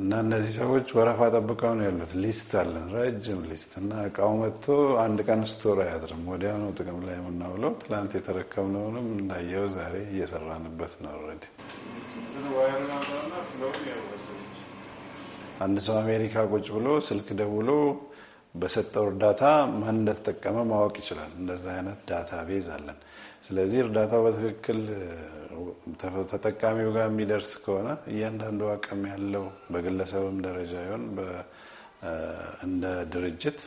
እና እነዚህ ሰዎች ወረፋ ጠብቀው ነው ያሉት። ሊስት አለን፣ ረጅም ሊስት እና እቃው መጥቶ አንድ ቀን ስቶር አያድርም። ወዲያ ነው ጥቅም ላይ የምናውለው። ትላንት የተረከብነውንም እንዳየው ዛሬ እየሰራንበት ነው ረዲ አንድ ሰው አሜሪካ ቁጭ ብሎ ስልክ ደውሎ በሰጠው እርዳታ ማን እንደተጠቀመ ማወቅ ይችላል። እንደዛ አይነት ዳታ ቤዝ አለን። ስለዚህ እርዳታው በትክክል ተጠቃሚው ጋር የሚደርስ ከሆነ እያንዳንዱ አቅም ያለው በግለሰብም ደረጃ ይሆን እንደ ድርጅት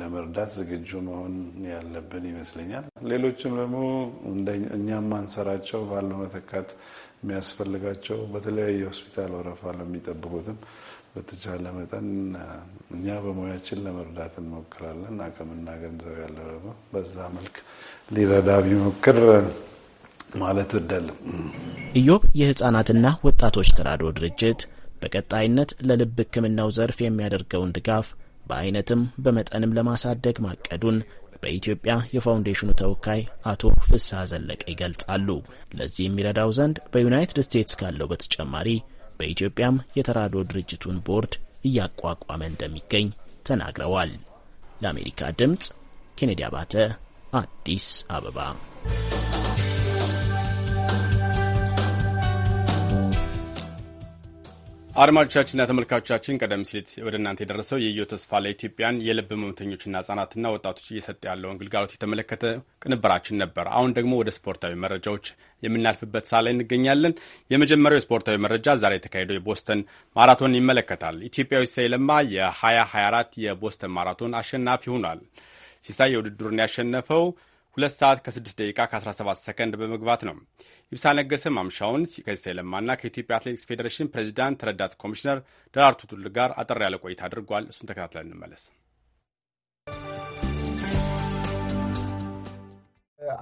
ለመርዳት ዝግጁ መሆን ያለብን ይመስለኛል። ሌሎችም ደግሞ እኛም ማንሰራቸው ባለው መተካት የሚያስፈልጋቸው በተለያየ ሆስፒታል ወረፋ ለሚጠብቁትም በተቻለ መጠን እኛ በሙያችን ለመርዳት እንሞክራለን። አቅምና ገንዘብ ያለው ደግሞ በዛ መልክ ሊረዳ ቢሞክር ማለት ወደለም። ኢዮብ የህጻናትና ወጣቶች ተራድኦ ድርጅት በቀጣይነት ለልብ ሕክምናው ዘርፍ የሚያደርገውን ድጋፍ በአይነትም በመጠንም ለማሳደግ ማቀዱን በኢትዮጵያ የፋውንዴሽኑ ተወካይ አቶ ፍስሐ ዘለቀ ይገልጻሉ። ለዚህ የሚረዳው ዘንድ በዩናይትድ ስቴትስ ካለው በተጨማሪ በኢትዮጵያም የተራድኦ ድርጅቱን ቦርድ እያቋቋመ እንደሚገኝ ተናግረዋል። ለአሜሪካ ድምፅ ኬኔዲ አባተ አዲስ አበባ አድማጮቻችንና ተመልካቾቻችን ቀደም ሲል ወደ እናንተ የደረሰው የዮ ተስፋ ለኢትዮጵያን የልብ ህመምተኞችና ህጻናትና ወጣቶች እየሰጠ ያለውን ግልጋሎት የተመለከተ ቅንብራችን ነበር። አሁን ደግሞ ወደ ስፖርታዊ መረጃዎች የምናልፍበት ሳ ላይ እንገኛለን። የመጀመሪያው የስፖርታዊ መረጃ ዛሬ የተካሄደው የቦስተን ማራቶን ይመለከታል። ኢትዮጵያዊ ሲሳይ ለማ የ2024 የቦስተን ማራቶን አሸናፊ ሆኗል። ሲሳይ የውድድሩን ያሸነፈው ሁለት ሰዓት ከስድስት ደቂቃ ከ17 ሰከንድ በመግባት ነው። ይብሳ ነገሰ ማምሻውን ከሲሳይ ለማና ከኢትዮጵያ አትሌቲክስ ፌዴሬሽን ፕሬዚዳንት ረዳት ኮሚሽነር ደራርቱ ቱሉ ጋር አጠር ያለ ቆይታ አድርጓል። እሱን ተከታትለን እንመለስ።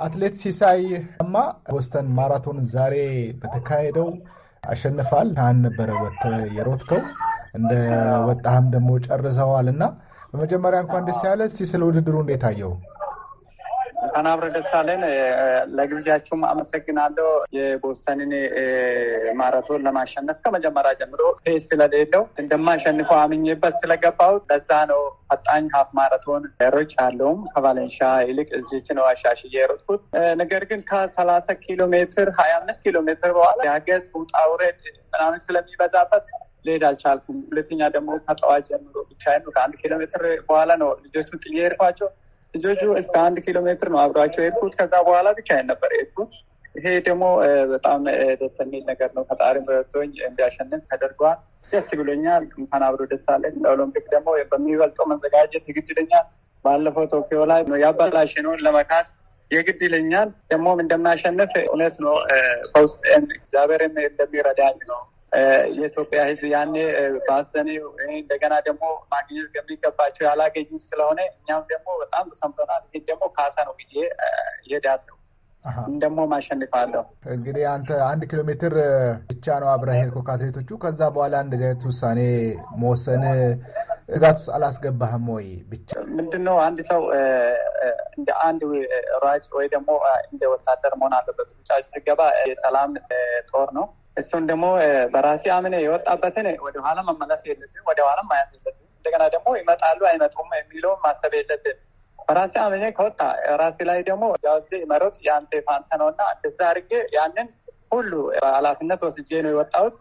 አትሌት ሲሳይ ማ ቦስተን ማራቶን ዛሬ በተካሄደው አሸንፋል። አን ነበረ ወጥተህ የሮትከው እንደ ወጣህም ደግሞ ጨርሰዋል እና በመጀመሪያ እንኳን ደስ ያለ። እስኪ ስለ ውድድሩ እንዴት አየው? አናብረ ደሳለን ለግብዣችሁም አመሰግናለሁ። የቦስተንን ማራቶን ለማሸነፍ ከመጀመሪያ ጀምሮ ፔስ ስለሌለው እንደማሸንፈው አምኜበት ስለገባው ለዛ ነው ፈጣኝ ሀፍ ማራቶን ሮጭ አለውም ከቫለንሻ ይልቅ እዚች ነው አሻሽዬ የሮጥኩት። ነገር ግን ከሰላሳ ኪሎ ሜትር ሀያ አምስት ኪሎ ሜትር በኋላ ያገጥ ውጣ ውረድ ምናምን ስለሚበዛበት ልሄድ አልቻልኩም። ሁለተኛ ደግሞ ከጠዋት ጀምሮ ብቻዬን ከአንድ ኪሎ ሜትር በኋላ ነው ልጆቹን ጥዬ ሄድኳቸው። ልጆቹ እስከ አንድ ኪሎ ሜትር ነው አብሯቸው የሄድኩት። ከዛ በኋላ ብቻ ነበር የሄድኩት። ይሄ ደግሞ በጣም ደስ የሚል ነገር ነው። ፈጣሪ ረቶኝ እንዲያሸንፍ ተደርጓል። ደስ ብሎኛል። እንኳን አብሮ ደስ አለን። ለኦሎምፒክ ደግሞ በሚበልጠው መዘጋጀት የግድ ይለኛል። ባለፈው ቶኪዮ ላይ ያበላሽነውን ለመካስ የግድ ይለኛል። ደግሞም እንደማያሸንፍ እውነት ነው። በውስጥ እግዚአብሔርም እንደሚረዳኝ ነው የኢትዮጵያ ሕዝብ ያኔ ባዘኔው እንደገና ደግሞ ማግኘት ከሚገባቸው ያላገኙ ስለሆነ እኛም ደግሞ በጣም ተሰምቶናል። ይህ ደግሞ ካሳ ነው ብዬ ይሄዳለሁ ደግሞ ማሸንፋለሁ። እንግዲህ አንተ አንድ ኪሎ ሜትር ብቻ ነው አብረህ ሄድከው ከአትሌቶቹ። ከዛ በኋላ እንደዚህ አይነት ውሳኔ መወሰን እጋት ውስጥ አላስገባህም ወይ? ብቻ ምንድነው አንድ ሰው እንደ አንድ ሯጭ ወይ ደግሞ እንደ ወታደር መሆን አለበት። ብቻ ስገባ የሰላም ጦር ነው እሱን ደግሞ በራሴ አምኔ የወጣበትን ወደኋላ መመለስ የለብን፣ ወደኋላ ማየት የለብን። እንደገና ደግሞ ይመጣሉ አይመጡም የሚለውን ማሰብ የለብን። በራሴ አምኔ ከወጣ ራሴ ላይ ደግሞ ዚ መሮጥ የአንተ ፋንተ ነው እና እንደዛ አድርጌ ያንን ሁሉ በኃላፊነት ወስጄ ነው የወጣሁት።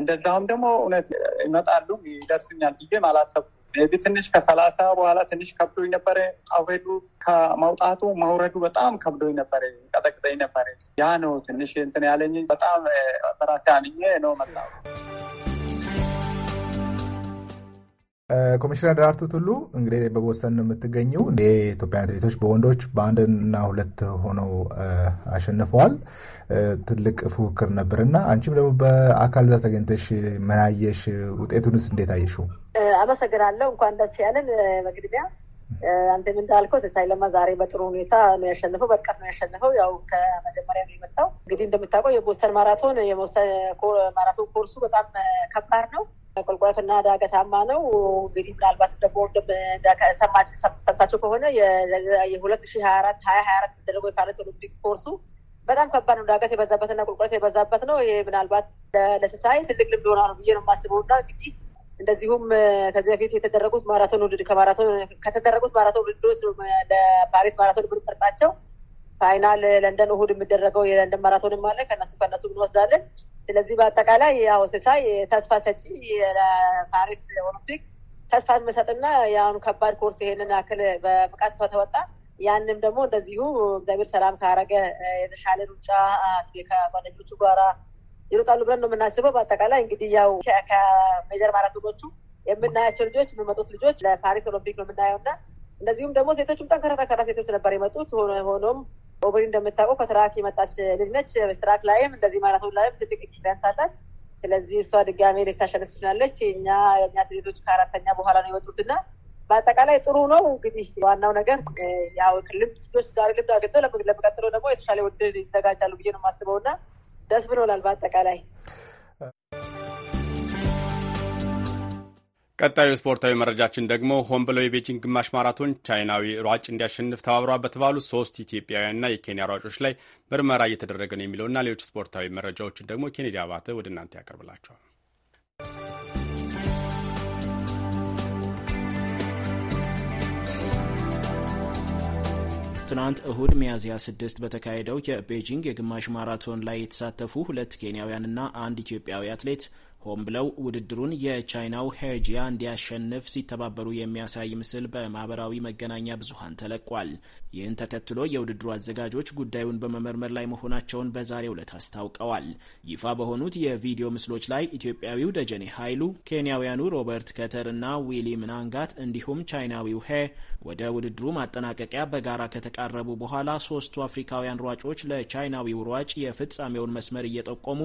እንደዛውም ደግሞ እውነት ይመጣሉ ይደርሱኛል ብዬ አላሰብኩም። ትንሽ ከሰላሳ በኋላ ትንሽ ከብዶኝ ነበረ። አውሬዱ ከመውጣቱ መውረዱ በጣም ከብዶኝ ነበረ፣ ቀጠቅጠኝ ነበረ። ያ ነው ትንሽ እንትን ያለኝ። በጣም በራሴ አንኜ ነው መጣ። ኮሚሽነር ደራርቱ ቱሉ እንግዲህ በቦስተን ነው የምትገኘው። የኢትዮጵያ አትሌቶች በወንዶች በአንድና ሁለት ሆነው አሸንፈዋል። ትልቅ ፉክክር ነበርና አንቺም ደግሞ በአካል እዛ ተገኝተሽ ምን አየሽ? ውጤቱንስ እንዴት አየሽው? አመሰግናለሁ። እንኳን ደስ ያለን። መግድሚያ አንተም እንዳልከው ሲሳይ ለማ ዛሬ በጥሩ ሁኔታ ነው ያሸንፈው፣ በርቀት ነው ያሸነፈው። ያው ከመጀመሪያ ነው የመጣው። እንግዲህ እንደምታውቀው የቦስተን ማራቶን የቦስተን ማራቶን ኮርሱ በጣም ከባድ ነው። ቁልቁለትና ዳገታማ ነው። እንግዲህ ምናልባት ደግሞ ሰምታችሁ ከሆነ የሁለት ሺ ሀያ አራት ሀያ ሀያ አራት የሚደረገው የፓሪስ ኦሎምፒክ ኮርሱ በጣም ከባድ ነው። ዳገት የበዛበትና ቁልቁለት የበዛበት ነው። ይሄ ምናልባት ለስሳይ ትልቅ ልምድ ሆና ነው ብዬ ነው የማስበው እና እንግዲህ እንደዚሁም ከዚህ በፊት የተደረጉት ማራቶን ውድድ ከማራቶን ከተደረጉት ማራቶን ውድድሮች ለፓሪስ ማራቶን ብንመርጣቸው ፋይናል ለንደን እሁድ የሚደረገው የለንደን ማራቶን አለ። ከነሱ ከነሱ እንወስዳለን። ስለዚህ በአጠቃላይ ያው ሲሳይ ተስፋ ሰጪ ለፓሪስ ኦሎምፒክ ተስፋ የሚሰጥና የአሁኑ ከባድ ኮርስ ይሄንን ያክል በብቃት ከተወጣ ያንም ደግሞ እንደዚሁ እግዚአብሔር ሰላም ካረገ የተሻለ ሩጫ ከጓደኞቹ ጓራ ይሮጣሉ ብለን ነው የምናስበው። በአጠቃላይ እንግዲህ ያው ከሜጀር ማራቶኖቹ የምናያቸው ልጆች የሚመጡት ልጆች ለፓሪስ ኦሎምፒክ ነው የምናየው እና እንደዚሁም ደግሞ ሴቶችም ጠንከራ ከራ ሴቶች ነበር የመጡት። ሆኖም ኦብሪ እንደምታውቀው ከትራክ የመጣች ልጅ ነች። ትራክ ላይም እንደዚህ ማራቶን ላይም ትልቅ ኤክስፔሪንስ አላት። ስለዚህ እሷ ድጋሜ ልታሸነፍ ትችላለች። እኛ የኛ አትሌቶች ከአራተኛ በኋላ ነው የወጡትና በአጠቃላይ ጥሩ ነው። እንግዲህ ዋናው ነገር ያው ልምድ ልጆች ዛሬ ልምድ አግኝተው ለሚቀጥለው ደግሞ የተሻለ ውድድር ይዘጋጃሉ ብዬ ነው የማስበው እና ደስ ብሎናል በአጠቃላይ ቀጣዩ ስፖርታዊ መረጃችን ደግሞ ሆን ብለው የቤጂንግ ግማሽ ማራቶን ቻይናዊ ሯጭ እንዲያሸንፍ ተባብሯ በተባሉ ሶስት ኢትዮጵያውያንና የኬንያ ሯጮች ላይ ምርመራ እየተደረገ ነው የሚለውና ሌሎች ስፖርታዊ መረጃዎችን ደግሞ ኬኔዲ አባተ ወደ እናንተ ያቀርብላቸዋል። ትናንት እሁድ ሚያዝያ ስድስት በተካሄደው የቤጂንግ የግማሽ ማራቶን ላይ የተሳተፉ ሁለት ኬንያውያንና አንድ ኢትዮጵያዊ አትሌት ሆን ብለው ውድድሩን የቻይናው ሄጂያ እንዲያሸንፍ ሲተባበሩ የሚያሳይ ምስል በማህበራዊ መገናኛ ብዙኃን ተለቋል። ይህን ተከትሎ የውድድሩ አዘጋጆች ጉዳዩን በመመርመር ላይ መሆናቸውን በዛሬው ዕለት አስታውቀዋል። ይፋ በሆኑት የቪዲዮ ምስሎች ላይ ኢትዮጵያዊው ደጀኔ ኃይሉ፣ ኬንያውያኑ ሮበርት ከተር እና ዊሊ ምናንጋት እንዲሁም ቻይናዊው ሄ ወደ ውድድሩ ማጠናቀቂያ በጋራ ከተቃረቡ በኋላ ሶስቱ አፍሪካውያን ሯጮች ለቻይናዊው ሯጭ የፍጻሜውን መስመር እየጠቆሙ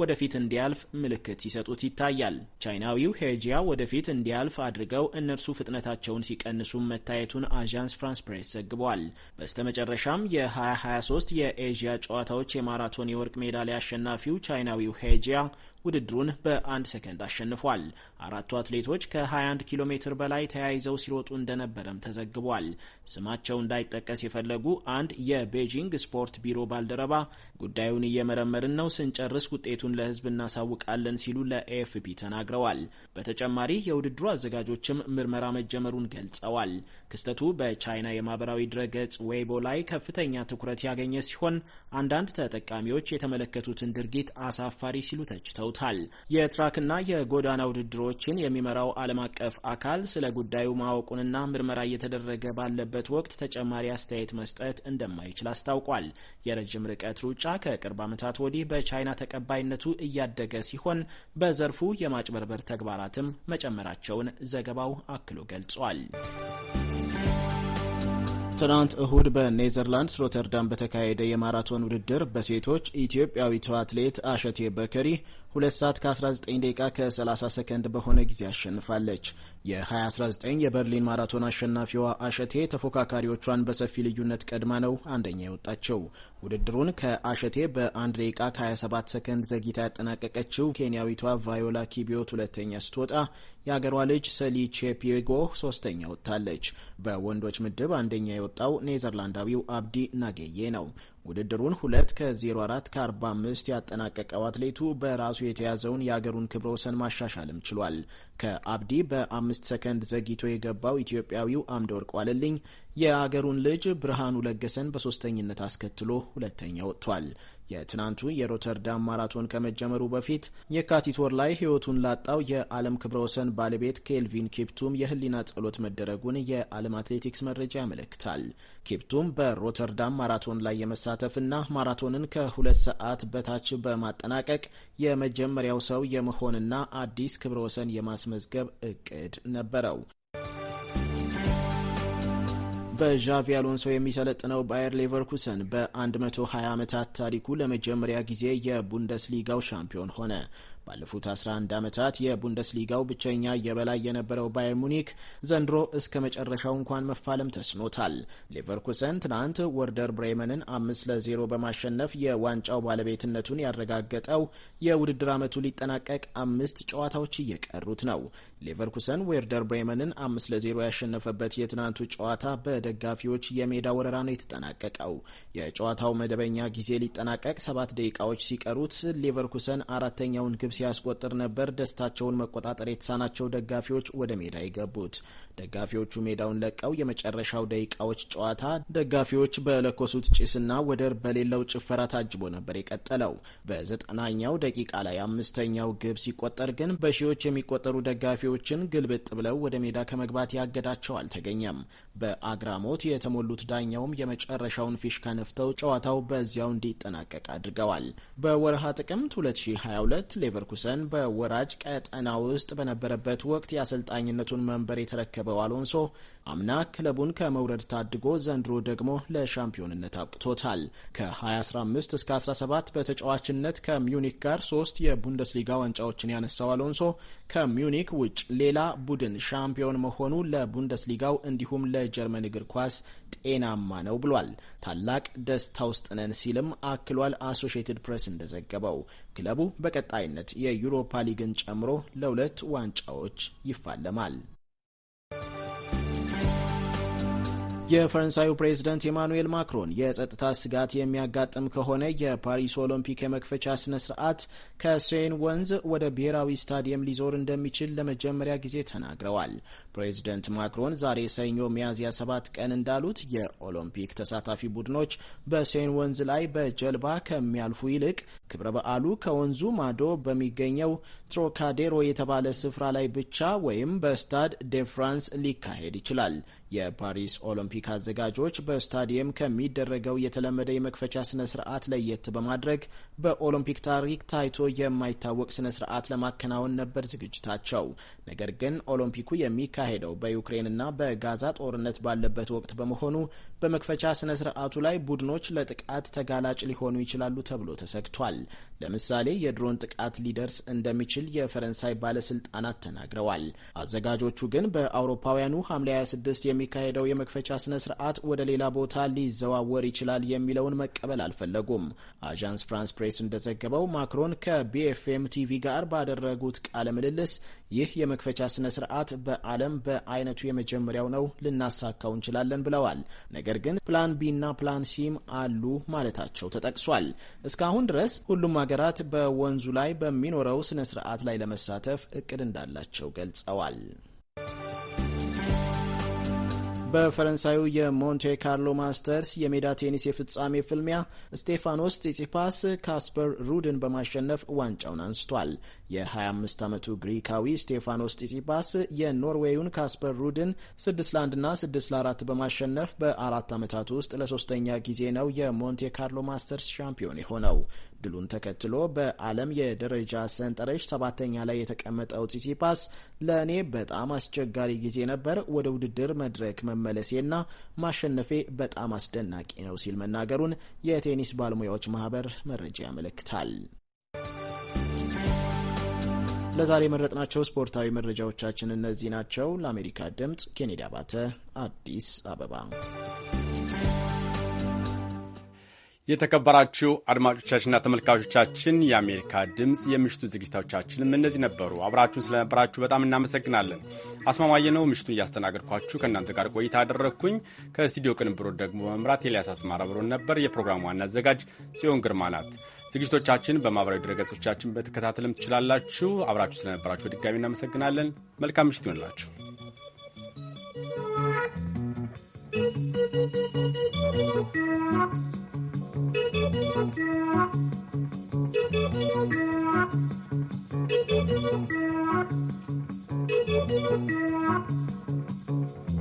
ወደፊት እንዲያልፍ ምልክት ይሰጡ ሲሰጡት ይታያል። ቻይናዊው ሄጂያ ወደፊት እንዲያልፍ አድርገው እነርሱ ፍጥነታቸውን ሲቀንሱም መታየቱን አዣንስ ፍራንስ ፕሬስ ዘግቧል። በስተመጨረሻም የ2023 የኤዥያ ጨዋታዎች የማራቶን የወርቅ ሜዳሊያ አሸናፊው ቻይናዊው ሄጂያ ውድድሩን በአንድ ሰከንድ አሸንፏል። አራቱ አትሌቶች ከ21 ኪሎ ሜትር በላይ ተያይዘው ሲሮጡ እንደነበረም ተዘግቧል። ስማቸው እንዳይጠቀስ የፈለጉ አንድ የቤጂንግ ስፖርት ቢሮ ባልደረባ ጉዳዩን እየመረመርን ነው፣ ስንጨርስ ውጤቱን ለሕዝብ እናሳውቃለን ሲሉ ለኤኤፍፒ ተናግረዋል። በተጨማሪ የውድድሩ አዘጋጆችም ምርመራ መጀመሩን ገልጸዋል። ክስተቱ በቻይና የማህበራዊ ድረገጽ ዌይቦ ላይ ከፍተኛ ትኩረት ያገኘ ሲሆን አንዳንድ ተጠቃሚዎች የተመለከቱትን ድርጊት አሳፋሪ ሲሉ ተችተው ገልጸውታል። የትራክና የጎዳና ውድድሮችን የሚመራው ዓለም አቀፍ አካል ስለ ጉዳዩ ማወቁንና ምርመራ እየተደረገ ባለበት ወቅት ተጨማሪ አስተያየት መስጠት እንደማይችል አስታውቋል። የረጅም ርቀት ሩጫ ከቅርብ ዓመታት ወዲህ በቻይና ተቀባይነቱ እያደገ ሲሆን በዘርፉ የማጭበርበር ተግባራትም መጨመራቸውን ዘገባው አክሎ ገልጿል። ትናንት እሁድ በኔዘርላንድስ ሮተርዳም በተካሄደ የማራቶን ውድድር በሴቶች ኢትዮጵያዊቷ አትሌት አሸቴ በከሪ 2 ሰዓት ከ19 ደቂቃ ከ30 ሰከንድ በሆነ ጊዜ አሸንፋለች። የ2019 የበርሊን ማራቶን አሸናፊዋ አሸቴ ተፎካካሪዎቿን በሰፊ ልዩነት ቀድማ ነው አንደኛ የወጣቸው። ውድድሩን ከአሸቴ በ1 ደቂቃ ከ27 ሰከንድ ዘግይታ ያጠናቀቀችው ኬንያዊቷ ቫዮላ ኪቢዮት ሁለተኛ ስትወጣ የአገሯ ልጅ ሰሊ ቼፒጎ ሶስተኛ ወጥታለች። በወንዶች ምድብ አንደኛ የወጣው ኔዘርላንዳዊው አብዲ ናጌዬ ነው። ውድድሩን 2 ከ04 ከ45 ያጠናቀቀው አትሌቱ በራሱ የተያዘውን የአገሩን ክብረ ወሰን ማሻሻልም ችሏል። ከአብዲ በአምስት ሰከንድ ዘግይቶ የገባው ኢትዮጵያዊው አምደ ወርቅ ዋለልኝ የአገሩን ልጅ ብርሃኑ ለገሰን በሶስተኝነት አስከትሎ ሁለተኛ ወጥቷል። የትናንቱ የሮተርዳም ማራቶን ከመጀመሩ በፊት የካቲት ወር ላይ ሕይወቱን ላጣው የዓለም ክብረ ወሰን ባለቤት ኬልቪን ኬፕቱም የህሊና ጸሎት መደረጉን የዓለም አትሌቲክስ መረጃ ያመለክታል። ኬፕቱም በሮተርዳም ማራቶን ላይ የመሳተፍና ማራቶንን ከሁለት ሰዓት በታች በማጠናቀቅ የመጀመሪያው ሰው የመሆንና አዲስ ክብረ ወሰን የማስመዝገብ እቅድ ነበረው። በዣቪ አሎንሶ የሚሰለጥነው ባየር ሌቨርኩሰን በ120 ዓመታት ታሪኩ ለመጀመሪያ ጊዜ የቡንደስሊጋው ሻምፒዮን ሆነ። ባለፉት 11 ዓመታት የቡንደስሊጋው ብቸኛ የበላይ የነበረው ባየር ሙኒክ ዘንድሮ እስከ መጨረሻው እንኳን መፋለም ተስኖታል። ሌቨርኩሰን ትናንት ወርደር ብሬመንን አምስት ለዜሮ በማሸነፍ የዋንጫው ባለቤትነቱን ያረጋገጠው የውድድር ዓመቱ ሊጠናቀቅ አምስት ጨዋታዎች እየቀሩት ነው። ሌቨርኩሰን ዌርደር ብሬመንን አምስት ለዜሮ ያሸነፈበት የትናንቱ ጨዋታ በደጋፊዎች የሜዳ ወረራ ነው የተጠናቀቀው። የጨዋታው መደበኛ ጊዜ ሊጠናቀቅ ሰባት ደቂቃዎች ሲቀሩት ሌቨርኩሰን አራተኛውን ግብ ግብ ሲያስቆጥር ነበር ደስታቸውን መቆጣጠር የተሳናቸው ደጋፊዎች ወደ ሜዳ የገቡት። ደጋፊዎቹ ሜዳውን ለቀው የመጨረሻው ደቂቃዎች ጨዋታ ደጋፊዎች በለኮሱት ጭስና ወደር በሌለው ጭፈራ ታጅቦ ነበር የቀጠለው። በዘጠናኛው ደቂቃ ላይ አምስተኛው ግብ ሲቆጠር ግን በሺዎች የሚቆጠሩ ደጋፊዎችን ግልብጥ ብለው ወደ ሜዳ ከመግባት ያገዳቸው አልተገኘም። በአግራሞት የተሞሉት ዳኛውም የመጨረሻውን ፊሽካ ነፍተው ጨዋታው በዚያው እንዲጠናቀቅ አድርገዋል። በወርሃ ጥቅምት 2022 ሌቨርኩሰን በወራጅ ቀጠና ውስጥ በነበረበት ወቅት የአሰልጣኝነቱን መንበር የተረከበው አሎንሶ አምና ክለቡን ከመውረድ ታድጎ ዘንድሮ ደግሞ ለሻምፒዮንነት አብቅቶታል። ከ2015 እስከ 17 በተጫዋችነት ከሚዩኒክ ጋር ሶስት የቡንደስሊጋ ዋንጫዎችን ያነሳው አሎንሶ ከሚዩኒክ ውጭ ሌላ ቡድን ሻምፒዮን መሆኑ ለቡንደስሊጋው እንዲሁም ለጀርመን እግር ኳስ ጤናማ ነው ብሏል። ታላቅ ደስታ ውስጥ ነን ሲልም አክሏል። አሶሽየትድ ፕሬስ እንደዘገበው ክለቡ በቀጣይነት የዩሮፓ ሊግን ጨምሮ ለሁለት ዋንጫዎች ይፋለማል። የፈረንሳዩ ፕሬዝደንት ኢማኑኤል ማክሮን የጸጥታ ስጋት የሚያጋጥም ከሆነ የፓሪስ ኦሎምፒክ የመክፈቻ ስነ ስርዓት ከሴን ወንዝ ወደ ብሔራዊ ስታዲየም ሊዞር እንደሚችል ለመጀመሪያ ጊዜ ተናግረዋል። ፕሬዚደንት ማክሮን ዛሬ ሰኞ ሚያዝያ ሰባት ቀን እንዳሉት የኦሎምፒክ ተሳታፊ ቡድኖች በሴን ወንዝ ላይ በጀልባ ከሚያልፉ ይልቅ ክብረ በዓሉ ከወንዙ ማዶ በሚገኘው ትሮካዴሮ የተባለ ስፍራ ላይ ብቻ ወይም በስታድ ዴ ፍራንስ ሊካሄድ ይችላል። የፓሪስ ኦሎምፒክ አዘጋጆች በስታዲየም ከሚደረገው የተለመደ የመክፈቻ ስነ ስርዓት ለየት በማድረግ በኦሎምፒክ ታሪክ ታይቶ የማይታወቅ ስነ ስርዓት ለማከናወን ነበር ዝግጅታቸው። ነገር ግን ኦሎምፒኩ የሚካሄደው በዩክሬንና በጋዛ ጦርነት ባለበት ወቅት በመሆኑ በመክፈቻ ስነ ስርዓቱ ላይ ቡድኖች ለጥቃት ተጋላጭ ሊሆኑ ይችላሉ ተብሎ ተሰግቷል። ለምሳሌ የድሮን ጥቃት ሊደርስ እንደሚችል የፈረንሳይ ባለስልጣናት ተናግረዋል። አዘጋጆቹ ግን በአውሮፓውያኑ ሐምሌ 26 የሚካሄደው የመክፈቻ ስነ ስርዓት ወደ ሌላ ቦታ ሊዘዋወር ይችላል የሚለውን መቀበል አልፈለጉም። አዣንስ ፍራንስ ፕሬስ እንደዘገበው ማክሮን ከቢኤፍኤም ቲቪ ጋር ባደረጉት ቃለ ምልልስ ይህ የመክፈቻ ስነ ስርዓት በዓለም በአይነቱ የመጀመሪያው ነው፣ ልናሳካው እንችላለን ብለዋል። ነገር ግን ፕላን ቢ እና ፕላን ሲም አሉ ማለታቸው ተጠቅሷል። እስካሁን ድረስ ሁሉም ሀገራት በወንዙ ላይ በሚኖረው ስነ ስርዓት ላይ ለመሳተፍ እቅድ እንዳላቸው ገልጸዋል። በፈረንሳዩ የሞንቴ ካርሎ ማስተርስ የሜዳ ቴኒስ የፍጻሜ ፍልሚያ ስቴፋኖስ tsitsipas ካስፐር ሩድን በማሸነፍ ዋንጫውን አንስቷል። የ25 ዓመቱ ግሪካዊ ስቴፋኖስ tsitsipas የኖርዌዩን ካስፐር ሩድን 6 ለ1 እና 6 ለ4 በማሸነፍ በአራት ዓመታት ውስጥ ለሶስተኛ ጊዜ ነው የሞንቴ ካርሎ ማስተርስ ሻምፒዮን የሆነው። ድሉን ተከትሎ በዓለም የደረጃ ሰንጠረዥ ሰባተኛ ላይ የተቀመጠው tsitsipas ለእኔ በጣም አስቸጋሪ ጊዜ ነበር፣ ወደ ውድድር መድረክ መመለሴና ማሸነፌ በጣም አስደናቂ ነው ሲል መናገሩን የቴኒስ ባለሙያዎች ማህበር መረጃ ያመለክታል። ለዛሬ የመረጥናቸው ስፖርታዊ መረጃዎቻችን እነዚህ ናቸው። ለአሜሪካ ድምፅ ኬኔዲ አባተ አዲስ አበባ የተከበራችሁ አድማጮቻችንና ተመልካቾቻችን የአሜሪካ ድምፅ የምሽቱ ዝግጅቶቻችንም እነዚህ ነበሩ። አብራችሁን ስለነበራችሁ በጣም እናመሰግናለን። አስማማየ ነው ምሽቱን እያስተናገድኳችሁ ከእናንተ ጋር ቆይታ አደረግኩኝ። ከስቱዲዮ ቅንብሮ ደግሞ መምራት ኤልያስ አስማራ ብሮን ነበር። የፕሮግራሙ ዋና አዘጋጅ ጽዮን ግርማ ናት። ዝግጅቶቻችን በማህበራዊ ድረገጾቻችን በተከታተልም ትችላላችሁ። አብራችሁ ስለነበራችሁ በድጋሚ እናመሰግናለን። መልካም ምሽት ይሆንላችሁ። thank you.